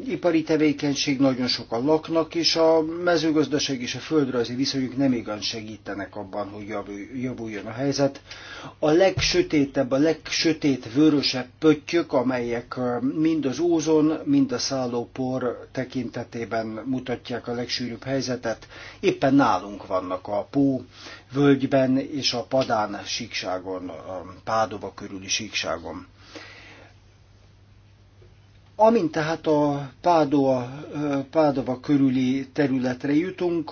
ipari tevékenység, nagyon sokan laknak, és a mezőgazdaság és a földrajzi viszonyok nem igazán segítenek abban, hogy javuljon a helyzet. A legsötétebb, a legsötét vörösebb pöttyök, amelyek mind az ózon, mind a szállópor tekintetében mutatják a legsűrűbb helyzetet, éppen nálunk vannak a Pó völgyben és a Padán síkságon, a Pádova körüli síkságon. Amint tehát a Pádova, Pádova körüli területre jutunk,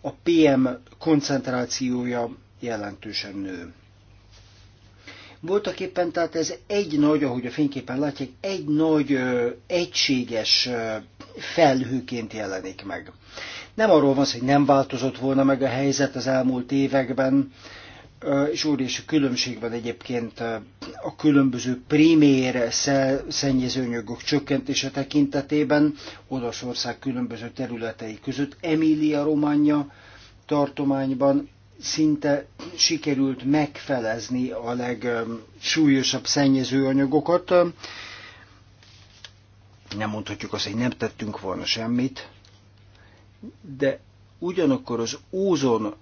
a PM koncentrációja jelentősen nő. Voltak éppen, tehát ez egy nagy, ahogy a fényképen látják, egy nagy ö, egységes ö, felhőként jelenik meg. Nem arról van szó, hogy nem változott volna meg a helyzet az elmúlt években, és óriási különbség van egyébként a különböző primér szennyezőanyagok csökkentése tekintetében Olaszország különböző területei között. Emília-Romagna tartományban szinte sikerült megfelezni a legsúlyosabb szennyezőanyagokat. Nem mondhatjuk azt, hogy nem tettünk volna semmit, de ugyanakkor az ózon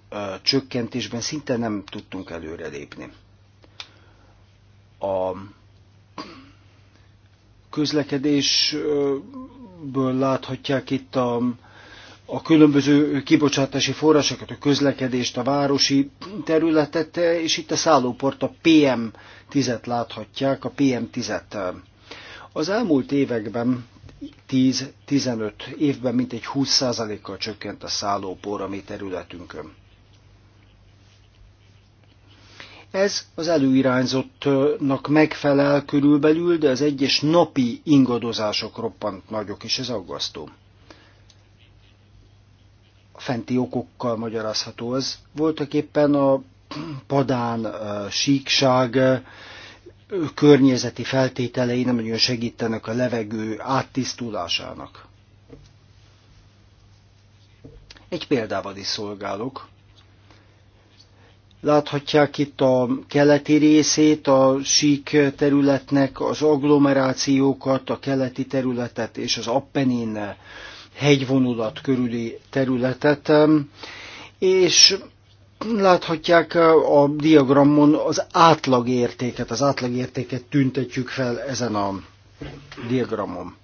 csökkentésben szinte nem tudtunk előrelépni. A közlekedésből láthatják itt a, a különböző kibocsátási forrásokat, a közlekedést, a városi területet, és itt a szállóport a PM10-et láthatják, a PM10-et. Az elmúlt években 10-15 évben mintegy 20%-kal csökkent a szállópor a mi területünkön. Ez az előirányzottnak megfelel körülbelül, de az egyes napi ingadozások roppant nagyok, és ez aggasztó. A fenti okokkal magyarázható ez. Voltak éppen a padán a síkság, környezeti feltételei nem nagyon segítenek a levegő áttisztulásának. Egy példával is szolgálok. Láthatják itt a keleti részét a sík területnek, az agglomerációkat, a keleti területet és az Appenin hegyvonulat körüli területet, és Láthatják a diagramon az átlagértéket, az átlagértéket tüntetjük fel ezen a diagramon.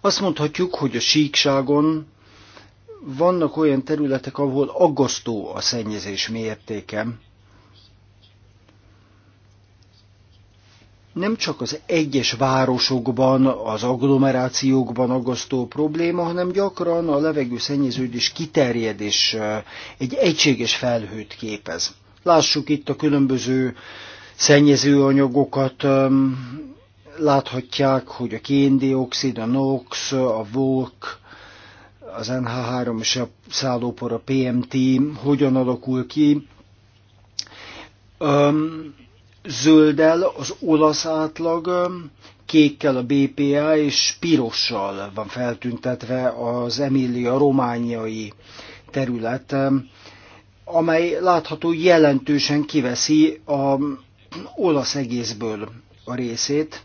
Azt mondhatjuk, hogy a síkságon vannak olyan területek, ahol aggasztó a szennyezés mértéke, nem csak az egyes városokban, az agglomerációkban agasztó probléma, hanem gyakran a levegő szennyeződés kiterjedés egy egységes felhőt képez. Lássuk itt a különböző szennyezőanyagokat, láthatják, hogy a kéndioxid, a NOx, a VOC, az NH3 és a szállópor, a PMT hogyan alakul ki zölddel az olasz átlag, kékkel a BPA és pirossal van feltüntetve az emilia romániai terület, amely látható jelentősen kiveszi az olasz egészből a részét,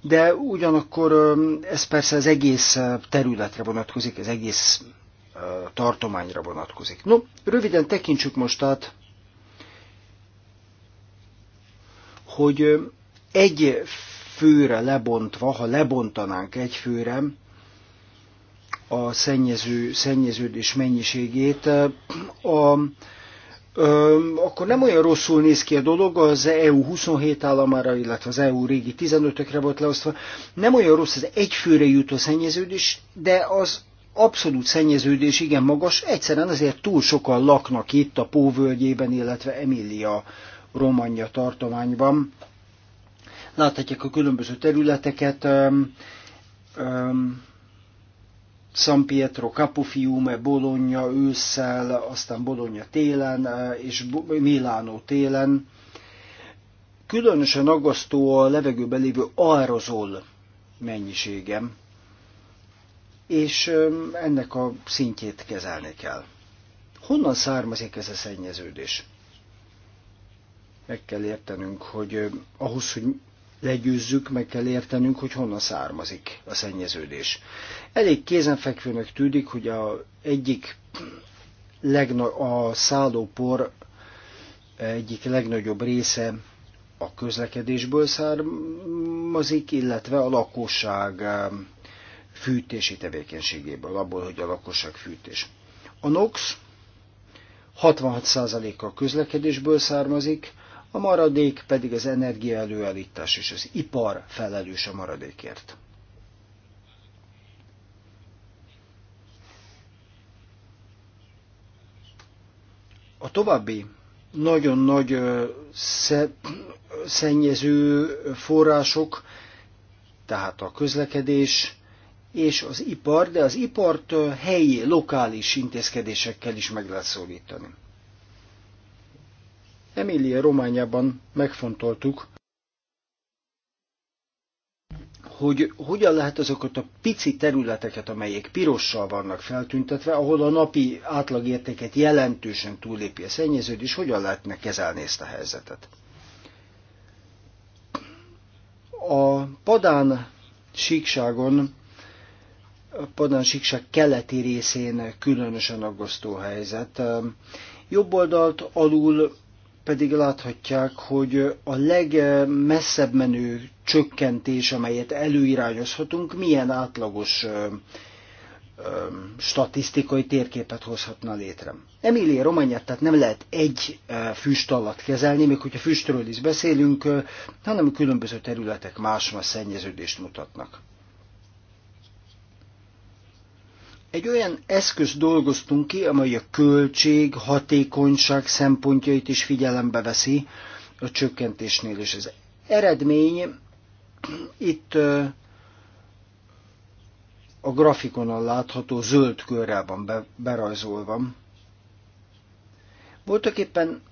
de ugyanakkor ez persze az egész területre vonatkozik, az egész tartományra vonatkozik. No, röviden tekintsük most át hogy egy főre lebontva, ha lebontanánk egy főre a szennyező, szennyeződés mennyiségét, a, a, akkor nem olyan rosszul néz ki a dolog, az EU 27 államára, illetve az EU régi 15-ökre volt leosztva, nem olyan rossz az főre jutó szennyeződés, de az abszolút szennyeződés igen magas, egyszerűen azért túl sokan laknak itt a Póvölgyében, illetve Emília Romanya tartományban. Láthatják a különböző területeket, um, um, San Pietro Capofiume, Bologna ősszel, aztán Bologna télen, és Milánó télen. Különösen aggasztó a levegőben lévő aerozol mennyisége, és ennek a szintjét kezelni kell. Honnan származik ez a szennyeződés? meg kell értenünk, hogy ahhoz, hogy legyőzzük, meg kell értenünk, hogy honnan származik a szennyeződés. Elég kézenfekvőnek tűnik, hogy a egyik legna- a szállópor egyik legnagyobb része a közlekedésből származik, illetve a lakosság fűtési tevékenységéből, abból, hogy a lakosság fűtés. A NOx 66%-a közlekedésből származik, a maradék pedig az energiaelőállítás és az ipar felelős a maradékért. A további nagyon nagy szennyező források, tehát a közlekedés és az ipar, de az ipart helyi, lokális intézkedésekkel is meg lehet szólítani. Emília Romániában megfontoltuk, hogy hogyan lehet azokat a pici területeket, amelyek pirossal vannak feltüntetve, ahol a napi átlagértéket jelentősen túllépi a szennyeződés, hogyan lehetne kezelni ezt a helyzetet. A padán síkságon, a padán síkság keleti részén különösen aggasztó helyzet. Jobb oldalt alul pedig láthatják, hogy a legmesszebb menő csökkentés, amelyet előirányozhatunk, milyen átlagos ö, ö, statisztikai térképet hozhatna létre. Emilia Romagnát tehát nem lehet egy füst alatt kezelni, még hogyha füstről is beszélünk, hanem a különböző területek más-más szennyeződést mutatnak. Egy olyan eszköz dolgoztunk ki, amely a költség, hatékonyság szempontjait is figyelembe veszi a csökkentésnél, és az eredmény itt a grafikonon látható zöld körrel van berajzolva. Voltak éppen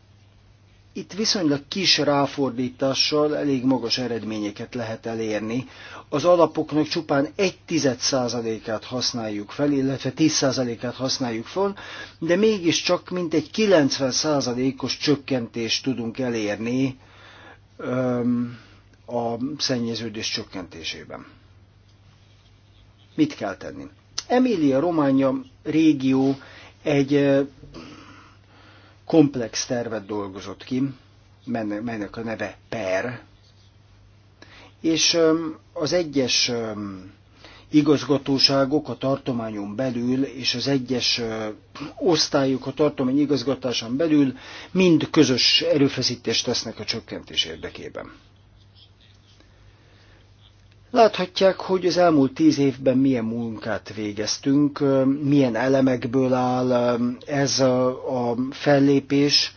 itt viszonylag kis ráfordítással elég magas eredményeket lehet elérni. Az alapoknak csupán tized százalékát használjuk fel, illetve 10 százalékát használjuk fel, de mégiscsak mintegy 90 százalékos csökkentést tudunk elérni öm, a szennyeződés csökkentésében. Mit kell tenni? Emília-Románia régió egy komplex tervet dolgozott ki, melynek a neve PER, és az egyes igazgatóságok a tartományon belül és az egyes osztályok a tartomány igazgatásán belül mind közös erőfeszítést tesznek a csökkentés érdekében. Láthatják, hogy az elmúlt tíz évben milyen munkát végeztünk, milyen elemekből áll um, ez a, a fellépés.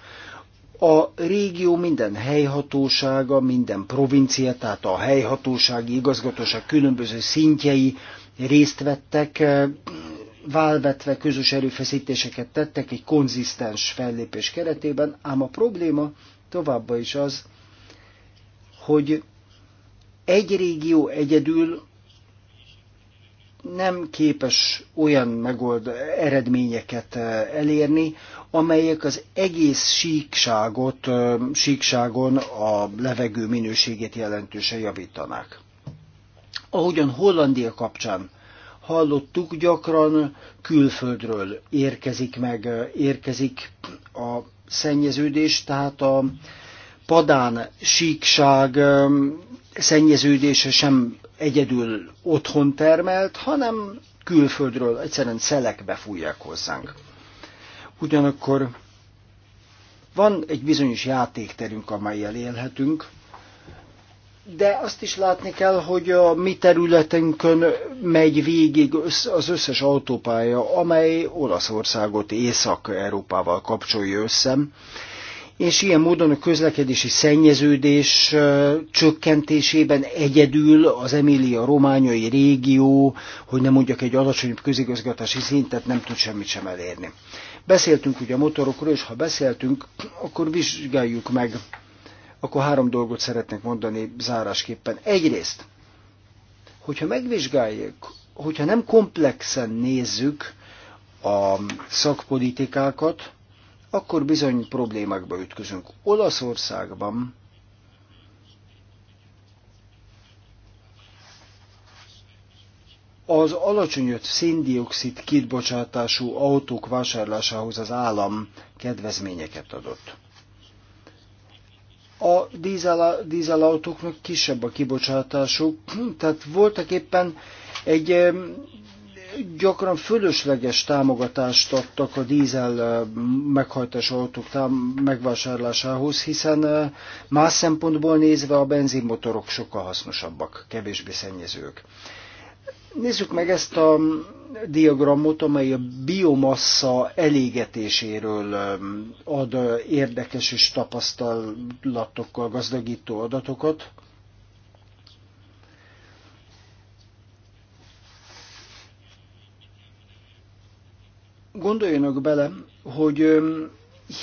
A régió minden helyhatósága, minden provincia, tehát a helyhatósági igazgatóság különböző szintjei részt vettek, um, válvetve közös erőfeszítéseket tettek egy konzisztens fellépés keretében, ám a probléma továbbá is az, hogy egy régió egyedül nem képes olyan megold eredményeket elérni, amelyek az egész síkságot, síkságon a levegő minőségét jelentősen javítanák. Ahogyan Hollandia kapcsán hallottuk, gyakran külföldről érkezik meg, érkezik a szennyeződés, tehát a padán síkság szennyeződése sem egyedül otthon termelt, hanem külföldről egyszerűen szelekbe fújják hozzánk. Ugyanakkor van egy bizonyos játékterünk, amelyel élhetünk, de azt is látni kell, hogy a mi területünkön megy végig az összes autópálya, amely Olaszországot Észak-Európával kapcsolja össze, és ilyen módon a közlekedési szennyeződés csökkentésében egyedül az Emília-Romániai régió, hogy nem mondjak egy alacsonyabb közigazgatási szintet, nem tud semmit sem elérni. Beszéltünk ugye a motorokról, és ha beszéltünk, akkor vizsgáljuk meg, akkor három dolgot szeretnék mondani zárásképpen. Egyrészt, hogyha megvizsgáljuk, hogyha nem komplexen nézzük a szakpolitikákat, akkor bizony problémákba ütközünk. Olaszországban az alacsony széndiokszid kibocsátású autók vásárlásához az állam kedvezményeket adott. A dízelautóknak kisebb a kibocsátásuk, tehát voltak éppen egy gyakran fölösleges támogatást adtak a dízel meghajtás autók megvásárlásához, hiszen más szempontból nézve a benzinmotorok sokkal hasznosabbak, kevésbé szennyezők. Nézzük meg ezt a diagramot, amely a biomassa elégetéséről ad érdekes és tapasztalatokkal gazdagító adatokat. Gondoljanak bele, hogy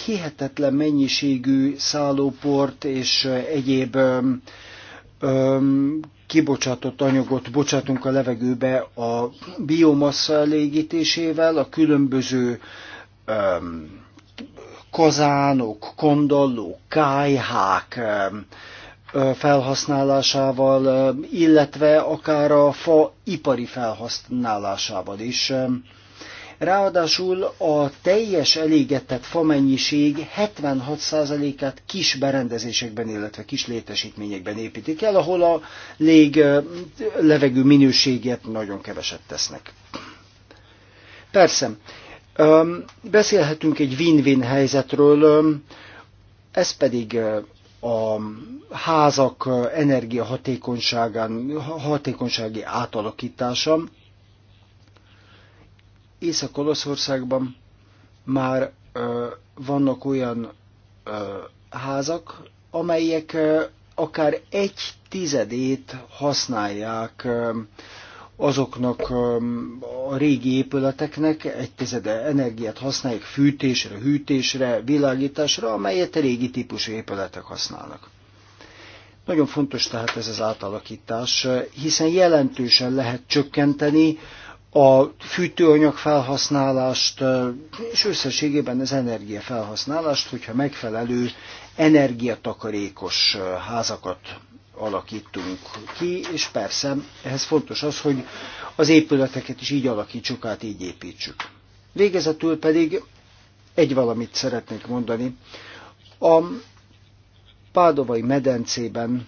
hihetetlen mennyiségű szállóport és egyéb kibocsátott anyagot bocsátunk a levegőbe a biomassa elégítésével, a különböző öm, kazánok, kondallók, kájhák öm, felhasználásával, öm, illetve akár a fa ipari felhasználásával is. Öm, Ráadásul a teljes elégetett mennyiség 76%-át kis berendezésekben, illetve kis létesítményekben építik el, ahol a lég levegő minőséget nagyon keveset tesznek. Persze, beszélhetünk egy win-win helyzetről, ez pedig a házak energiahatékonysági átalakítása. Észak-Olaszországban már ö, vannak olyan ö, házak, amelyek ö, akár egy tizedét használják ö, azoknak ö, a régi épületeknek, egy tizede energiát használják fűtésre, hűtésre, világításra, amelyet régi típusú épületek használnak. Nagyon fontos tehát ez az átalakítás, hiszen jelentősen lehet csökkenteni a fűtőanyag felhasználást, és összességében az felhasználást, hogyha megfelelő energiatakarékos házakat alakítunk ki, és persze ehhez fontos az, hogy az épületeket is így alakítsuk át, így építsük. Végezetül pedig egy valamit szeretnék mondani. A Pádovai medencében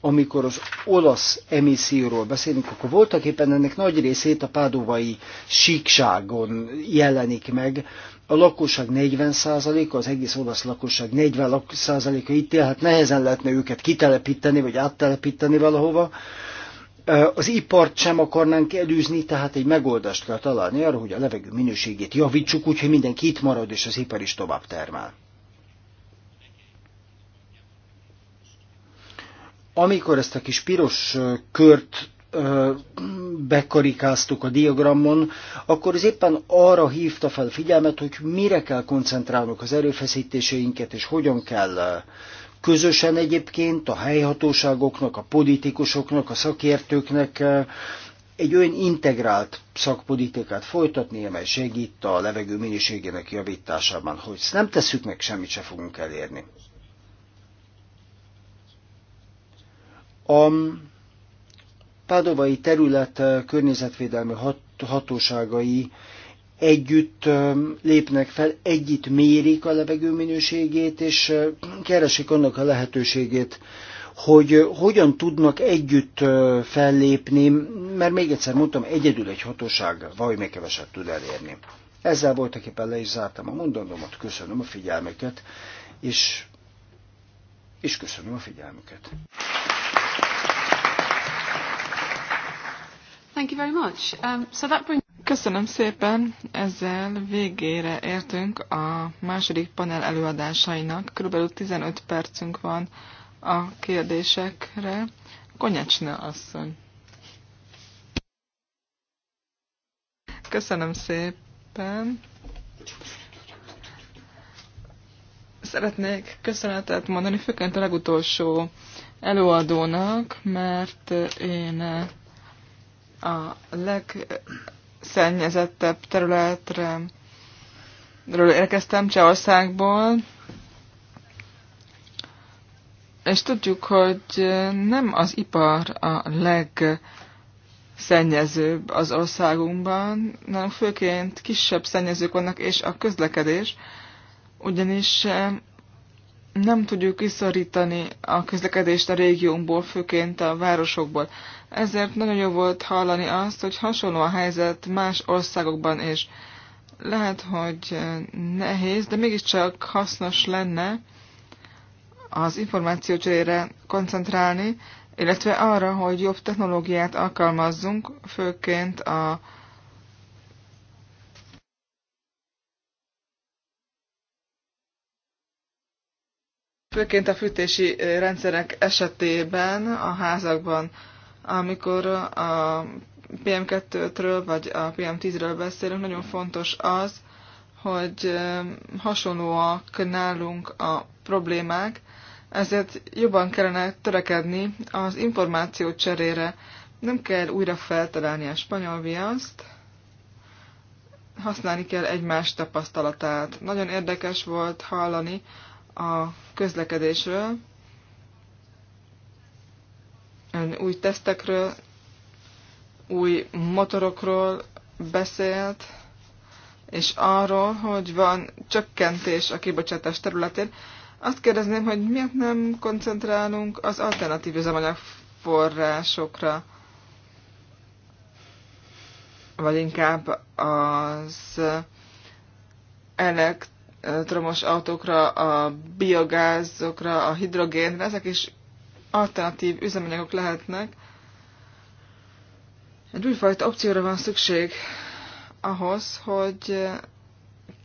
amikor az olasz emisszióról beszélünk, akkor voltak éppen ennek nagy részét a pádovai síkságon jelenik meg. A lakosság 40%-a, az egész olasz lakosság 40%-a itt él, hát nehezen lehetne őket kitelepíteni, vagy áttelepíteni valahova. Az ipart sem akarnánk elűzni, tehát egy megoldást kell találni arra, hogy a levegő minőségét javítsuk, úgyhogy mindenki itt marad, és az ipar is tovább termel. Amikor ezt a kis piros kört bekarikáztuk a diagramon, akkor ez éppen arra hívta fel figyelmet, hogy mire kell koncentrálnunk az erőfeszítéseinket, és hogyan kell közösen egyébként a helyhatóságoknak, a politikusoknak, a szakértőknek egy olyan integrált szakpolitikát folytatni, amely segít a levegő minőségének javításában. Hogy ezt nem tesszük meg, semmit se fogunk elérni. A Pádovai terület eh, környezetvédelmi hat, hatóságai együtt eh, lépnek fel, együtt mérik a levegő minőségét, és eh, keresik annak a lehetőségét, hogy hogyan tudnak együtt fellépni, mert még egyszer mondtam, egyedül egy hatóság még keveset tud elérni. Ezzel voltak éppen le is zártam a mondandómat, köszönöm a figyelmüket, és, és köszönöm a figyelmüket. Thank you very much. Um, so that brings... Köszönöm szépen, ezzel végére értünk a második panel előadásainak. Körülbelül 15 percünk van a kérdésekre. Konyacsna asszony. Köszönöm szépen. Szeretnék köszönetet mondani, főként a legutolsó előadónak, mert én a legszennyezettebb területre érkeztem Csehországból, és tudjuk, hogy nem az ipar a legszennyezőbb az országunkban, hanem főként kisebb szennyezők vannak, és a közlekedés, ugyanis eh, nem tudjuk kiszorítani a közlekedést a régiónkból, főként a városokból. Ezért nagyon jó volt hallani azt, hogy hasonló a helyzet más országokban is. Lehet, hogy eh, nehéz, de mégiscsak hasznos lenne az információcserére koncentrálni, illetve arra, hogy jobb technológiát alkalmazzunk, főként a főként a fűtési eh, rendszerek esetében a házakban amikor a PM2-ről vagy a PM10-ről beszélünk, nagyon fontos az, hogy hasonlóak nálunk a problémák, ezért jobban kellene törekedni az információ cserére. Nem kell újra feltalálni a spanyol viaszt, használni kell egymás tapasztalatát. Nagyon érdekes volt hallani a közlekedésről, új tesztekről, új motorokról beszélt, és arról, hogy van csökkentés a kibocsátás területén. Azt kérdezném, hogy miért nem koncentrálunk az alternatív üzemanyagforrásokra, vagy inkább az elektromos autókra, a biogázokra, a hidrogénre, ezek is alternatív üzemanyagok lehetnek. Egy újfajta opcióra van szükség ahhoz, hogy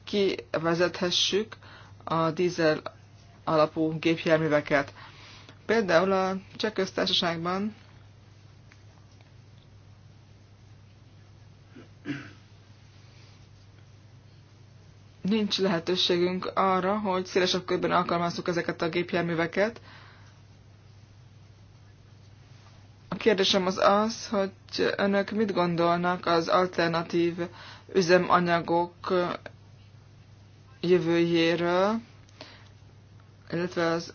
kivezethessük a dízel alapú gépjárműveket. Például a Cseh köztársaságban nincs lehetőségünk arra, hogy szélesebb körben alkalmazzuk ezeket a gépjárműveket, kérdésem az az, hogy önök mit gondolnak az alternatív üzemanyagok jövőjéről, illetve az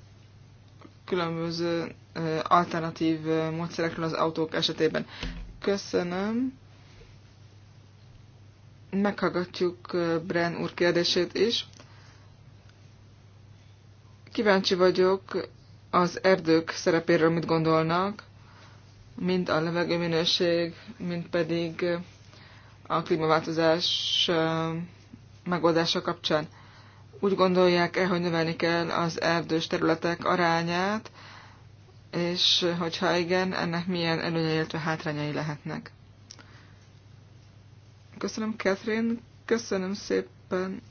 különböző alternatív módszerekről az autók esetében. Köszönöm. Meghallgatjuk Bren úr kérdését is. Kíváncsi vagyok az erdők szerepéről mit gondolnak, mind a levegőminőség, mind pedig a klímaváltozás megoldása kapcsán. Úgy gondolják-e, hogy növelni kell az erdős területek arányát, és hogyha igen, ennek milyen előnyei, illetve hátrányai lehetnek? Köszönöm, Catherine, köszönöm szépen.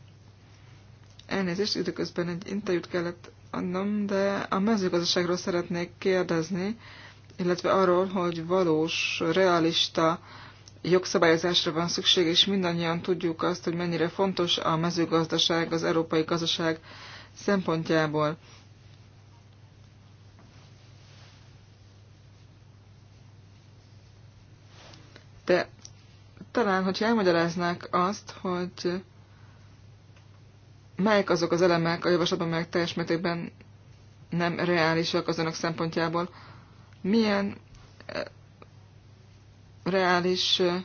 Elnézést, időközben egy interjút kellett adnom, de a mezőgazdaságról szeretnék kérdezni illetve arról, hogy valós, realista jogszabályozásra van szükség, és mindannyian tudjuk azt, hogy mennyire fontos a mezőgazdaság az európai gazdaság szempontjából. De talán, hogyha elmagyaráznák azt, hogy melyek azok az elemek a javaslatban, melyek teljes mértékben nem reálisak az önök szempontjából, milyen eh, reális eh,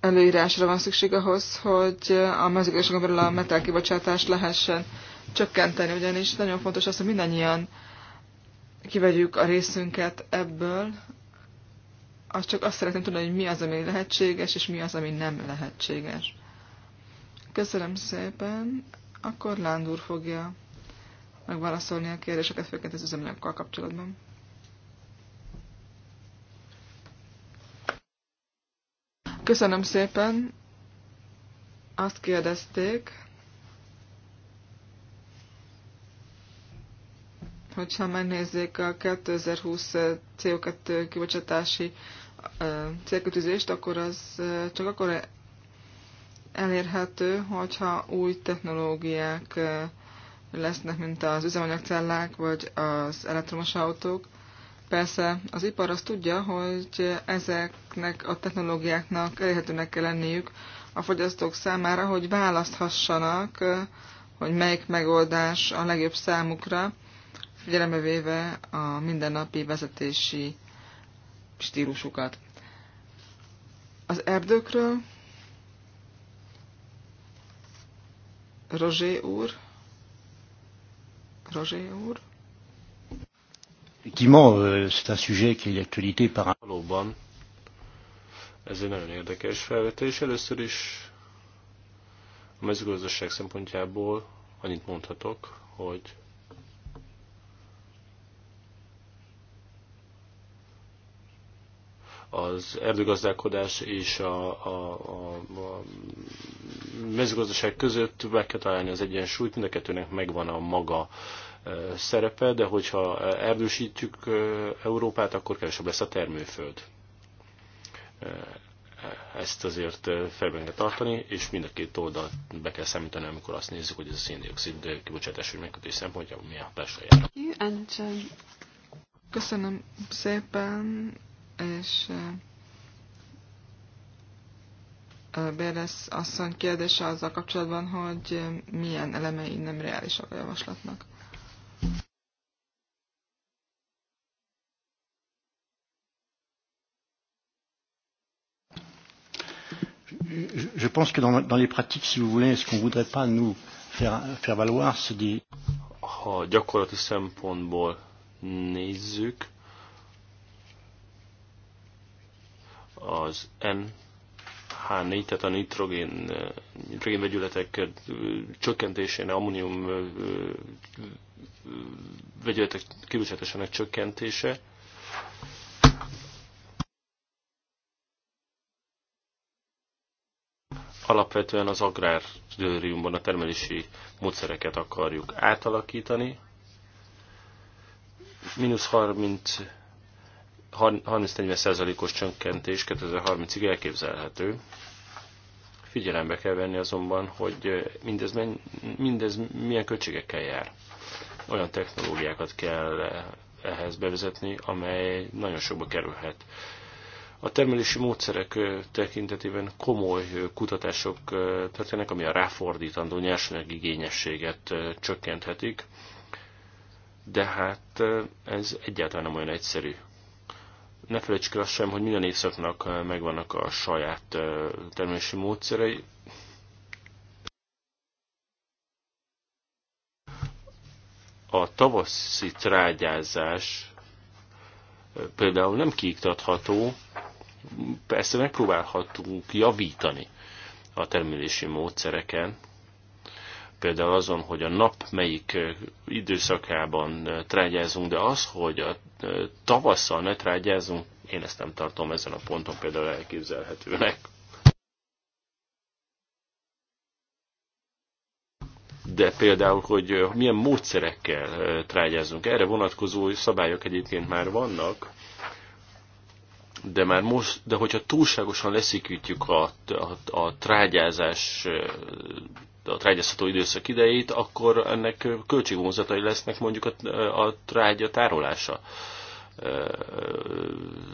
előírásra van szükség ahhoz, hogy eh, a mezőgazdaságon belül a metálkibocsátást lehessen csökkenteni, ugyanis nagyon fontos az, hogy mindannyian kivegyük a részünket ebből, azt csak azt szeretném tudni, hogy mi az, ami lehetséges, és mi az, ami nem lehetséges. Köszönöm szépen. Akkor Lándúr fogja megválaszolni a kérdéseket, főként az üzemanyagokkal kapcsolatban. Köszönöm szépen. Azt kérdezték, hogyha megnézzék a 2020 CO2 kibocsátási célkötőzést, akkor az csak akkor elérhető, hogyha új technológiák lesznek, mint az üzemanyagcellák vagy az elektromos autók. Persze az ipar azt tudja, hogy ezeknek a technológiáknak elérhetőnek kell lenniük a fogyasztók számára, hogy választhassanak, hogy melyik megoldás a legjobb számukra, figyelembe véve a mindennapi vezetési stílusukat. Az erdőkről Rozsé úr Rozsé úr. Effectivement, euh, c'est un sujet qui est d'actualité par Valóban, ez egy nagyon érdekes felvetés. Először is a mezőgazdaság szempontjából annyit mondhatok, hogy az erdőgazdálkodás és a, a, a, a mezőgazdaság között meg kell találni az egyensúlyt, mind a kettőnek megvan a maga e, szerepe, de hogyha erdősítjük e, Európát, akkor kevesebb lesz a termőföld. E, ezt azért felben kell tartani, és mind a két oldalt be kell számítani, amikor azt nézzük, hogy ez a széndiokszid kibocsátás, hogy megkötés szempontjából mi a jár. Um, köszönöm szépen és Bérez asszony kérdése azzal kapcsolatban, hogy milyen elemei nem reálisak a javaslatnak. Je pense que dans, dans les pratiques, si vous voulez, ce qu'on voudrait pas nous faire, faire valoir, c'est des... Ha gyakorlati szempontból nézzük, az NH4, tehát a nitrogén, nitrogén vegyületek csökkentésére, ammónium vegyületek kibocsátásának csökkentése, alapvetően az agráriumban a termelési módszereket akarjuk átalakítani. Mínusz 30 30-40%-os csökkentés 2030-ig elképzelhető. Figyelembe kell venni azonban, hogy mindez, mindez milyen költségekkel jár. Olyan technológiákat kell ehhez bevezetni, amely nagyon sokba kerülhet. A termelési módszerek tekintetében komoly kutatások történnek, ami a ráfordítandó nyersanyag igényességet csökkenthetik, de hát ez egyáltalán nem olyan egyszerű ne felejtsük el sem, hogy minden évszaknak eh, megvannak a saját eh, termési módszerei. A tavaszi trágyázás eh, például nem kiiktatható, persze megpróbálhatunk javítani a termelési módszereken, például azon, hogy a nap melyik időszakában trágyázunk, de az, hogy a tavasszal ne trágyázunk, én ezt nem tartom ezen a ponton például elképzelhetőnek. de például, hogy milyen módszerekkel trágyázunk. Erre vonatkozó szabályok egyébként már vannak, de már most, de hogyha túlságosan leszikítjük a, a, a trágyázás a trágyasztató időszak idejét, akkor ennek költségvonzatai lesznek mondjuk a, a trágya tárolása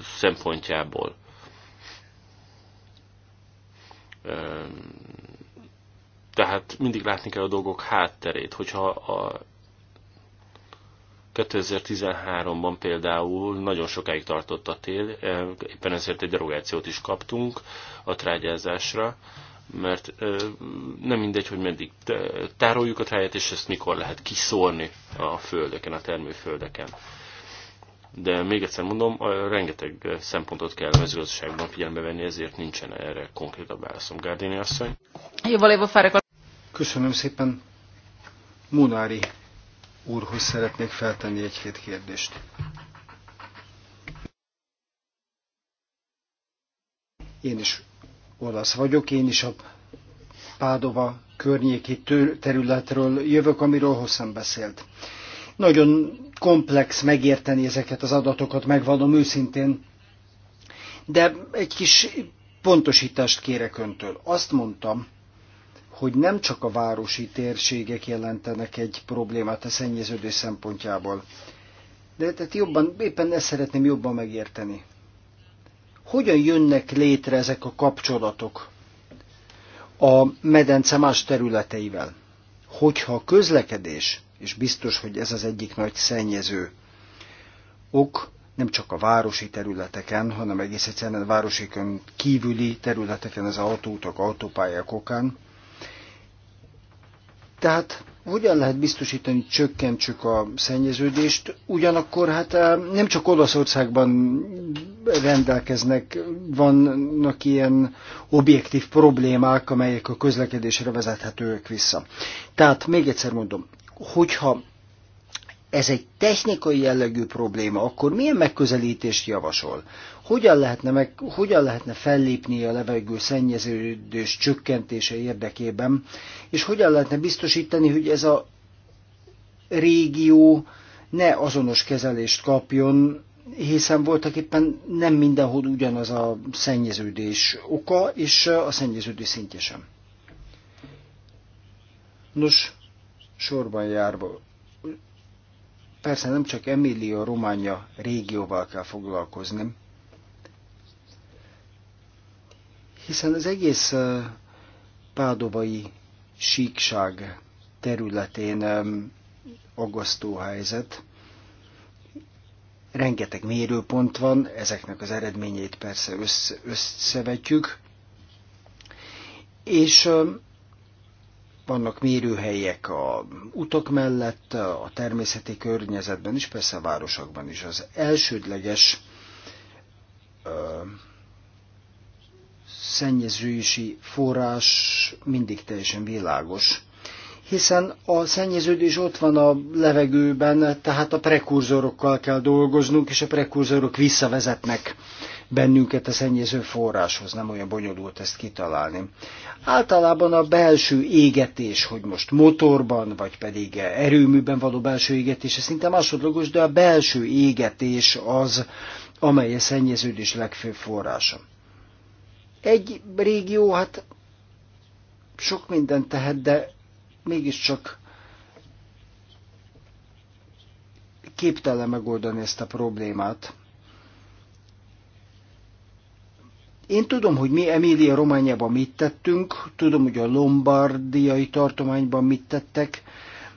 szempontjából. Tehát mindig látni kell a dolgok hátterét, hogyha a 2013-ban például nagyon sokáig tartott a tél, éppen ezért egy derogációt is kaptunk a trágyázásra, mert nem mindegy, hogy meddig tároljuk a tráját, és ezt mikor lehet kiszórni a földeken, a termőföldeken. De még egyszer mondom, rengeteg szempontot kell a mezőgazdaságban figyelembe venni, ezért nincsen erre konkrétabb válaszom. Gárdéni asszony. Köszönöm szépen. Munári úrhoz szeretnék feltenni egy-két kérdést. Én is olasz vagyok, én is a Pádova környéki területről jövök, amiről hosszan beszélt. Nagyon komplex megérteni ezeket az adatokat, megvallom őszintén, de egy kis pontosítást kérek öntől. Azt mondtam, hogy nem csak a városi térségek jelentenek egy problémát a szennyeződés szempontjából. De tehát jobban, éppen ezt szeretném jobban megérteni. Hogyan jönnek létre ezek a kapcsolatok a medence más területeivel? Hogyha a közlekedés, és biztos, hogy ez az egyik nagy szennyező ok, nem csak a városi területeken, hanem egész egyszerűen a városi kívüli területeken, az autótok, autópályák okán. Tehát hogyan lehet biztosítani, hogy csökkentsük a szennyeződést? Ugyanakkor hát eh, nem csak Olaszországban rendelkeznek, vannak ilyen objektív problémák, amelyek a közlekedésre vezethetőek vissza. Tehát még egyszer mondom, hogyha ez egy technikai jellegű probléma, akkor milyen megközelítést javasol? hogyan lehetne, meg, hogyan lehetne fellépni a levegő szennyeződés csökkentése érdekében, és hogyan lehetne biztosítani, hogy ez a régió ne azonos kezelést kapjon, hiszen voltak éppen nem mindenhol ugyanaz a szennyeződés oka, és a szennyeződés szintje sem. Nos, sorban járva. Persze nem csak Emilia Románia régióval kell foglalkozni, hiszen az egész pádovai síkság területén aggasztó helyzet. Rengeteg mérőpont van, ezeknek az eredményeit persze össze, összevetjük, és vannak mérőhelyek a utak mellett, a természeti környezetben is, persze a városokban is. Az elsődleges szennyezősi forrás mindig teljesen világos. Hiszen a szennyeződés ott van a levegőben, tehát a prekurzorokkal kell dolgoznunk, és a prekurzorok visszavezetnek bennünket a szennyező forráshoz. Nem olyan bonyolult ezt kitalálni. Általában a belső égetés, hogy most motorban, vagy pedig erőműben való belső égetés, ez szinte másodlagos, de a belső égetés az, amely a szennyeződés legfőbb forrása. Egy régió, hát sok mindent tehet, de mégiscsak képtelen megoldani ezt a problémát. Én tudom, hogy mi Emília Romániában mit tettünk, tudom, hogy a lombardiai tartományban mit tettek,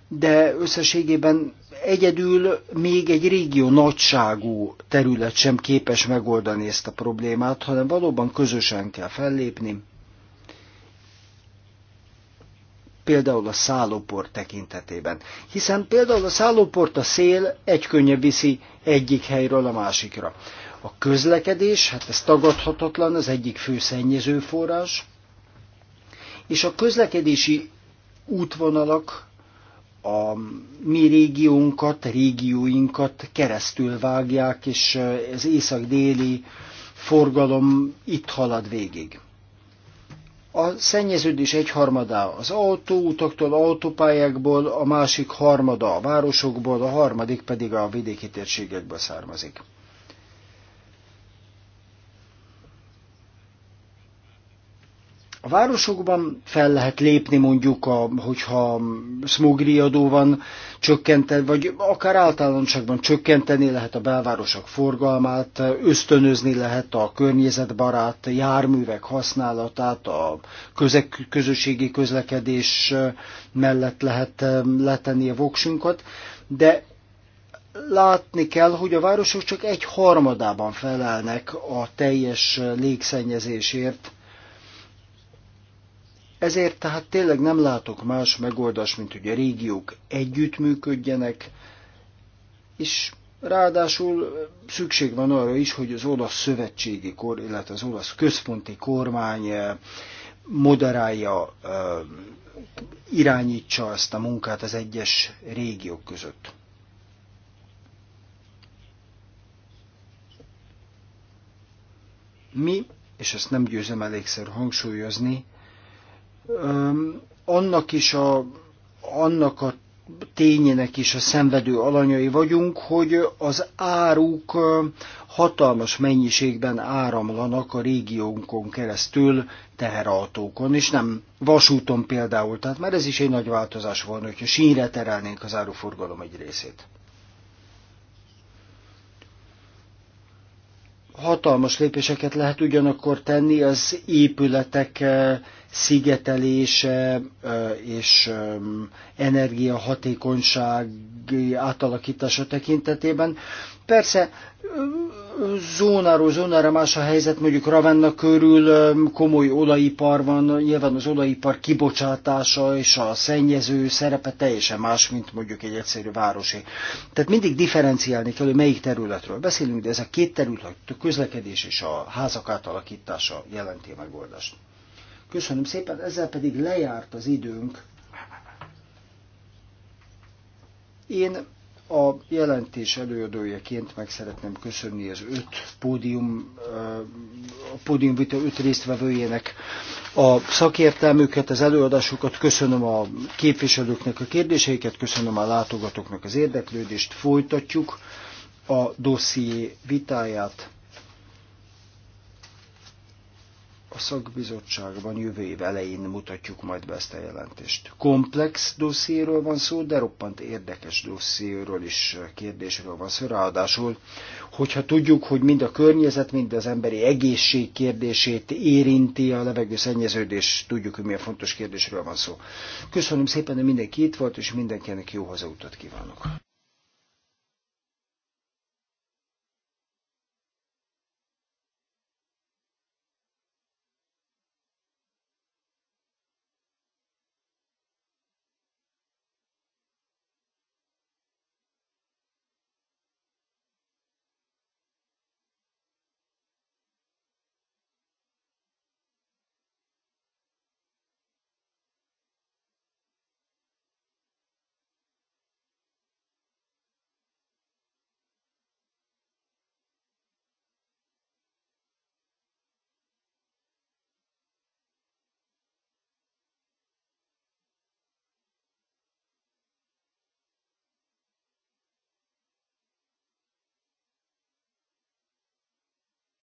de összességében egyedül még egy régió nagyságú terület sem képes megoldani ezt a problémát, hanem valóban közösen kell fellépni. Például a szállópor tekintetében. Hiszen például a szállóport a szél egy könnyen viszi egyik helyről a másikra. A közlekedés, hát ez tagadhatatlan, az egyik fő szennyezőforrás, és a közlekedési útvonalak a mi régiónkat, régióinkat keresztül vágják, és az észak-déli forgalom itt halad végig. A szennyeződés egyharmadá az autóutaktól, autópályákból, a másik harmada a városokból, a harmadik pedig a vidéki térségekből származik. A városokban fel lehet lépni mondjuk, a, hogyha smogriadó van csökkenteni, vagy akár általánosságban csökkenteni lehet a belvárosok forgalmát, ösztönözni lehet a környezetbarát járművek használatát, a közeg, közösségi közlekedés mellett lehet letenni a voksunkat, de látni kell, hogy a városok csak egy harmadában felelnek a teljes légszennyezésért, ezért tehát tényleg nem látok más megoldást, mint hogy a régiók együttműködjenek, és ráadásul szükség van arra is, hogy az olasz szövetségi kor, illetve az olasz központi kormány eh, moderálja, eh, irányítsa ezt a munkát az egyes régiók között. Mi, és ezt nem győzem elégszer hangsúlyozni, annak is a, annak a tényének is a szenvedő alanyai vagyunk, hogy az áruk hatalmas mennyiségben áramlanak a régiónkon keresztül teherautókon, és nem vasúton például, tehát már ez is egy nagy változás volna, hogyha sínre terelnénk az áruforgalom egy részét. hatalmas lépéseket lehet ugyanakkor tenni az épületek eh, szigetelése eh, és eh, energiahatékonyság átalakítása tekintetében. Persze zónáról zónára más a helyzet, mondjuk Ravenna körül komoly olajipar van, nyilván az olajipar kibocsátása és a szennyező szerepe teljesen más, mint mondjuk egy egyszerű városi. Tehát mindig differenciálni kell, hogy melyik területről beszélünk, de ez a két terület, a közlekedés és a házak átalakítása jelenti a megoldást. Köszönöm szépen, ezzel pedig lejárt az időnk. Én a jelentés előadójaként meg szeretném köszönni az öt pódium, a pódiumvita öt résztvevőjének a szakértelmüket, az előadásukat, köszönöm a képviselőknek a kérdéseiket, köszönöm a látogatóknak az érdeklődést, folytatjuk a dosszié vitáját. a szakbizottságban jövő év elején mutatjuk majd be ezt a jelentést. Komplex dossziéről van szó, de roppant érdekes dossziéről is kérdésről van szó. Ráadásul, hogyha tudjuk, hogy mind a környezet, mind az emberi egészség kérdését érinti a levegőszennyeződés, tudjuk, hogy milyen fontos kérdésről van szó. Köszönöm szépen, hogy mindenki itt volt, és mindenkinek jó hazautat kívánok.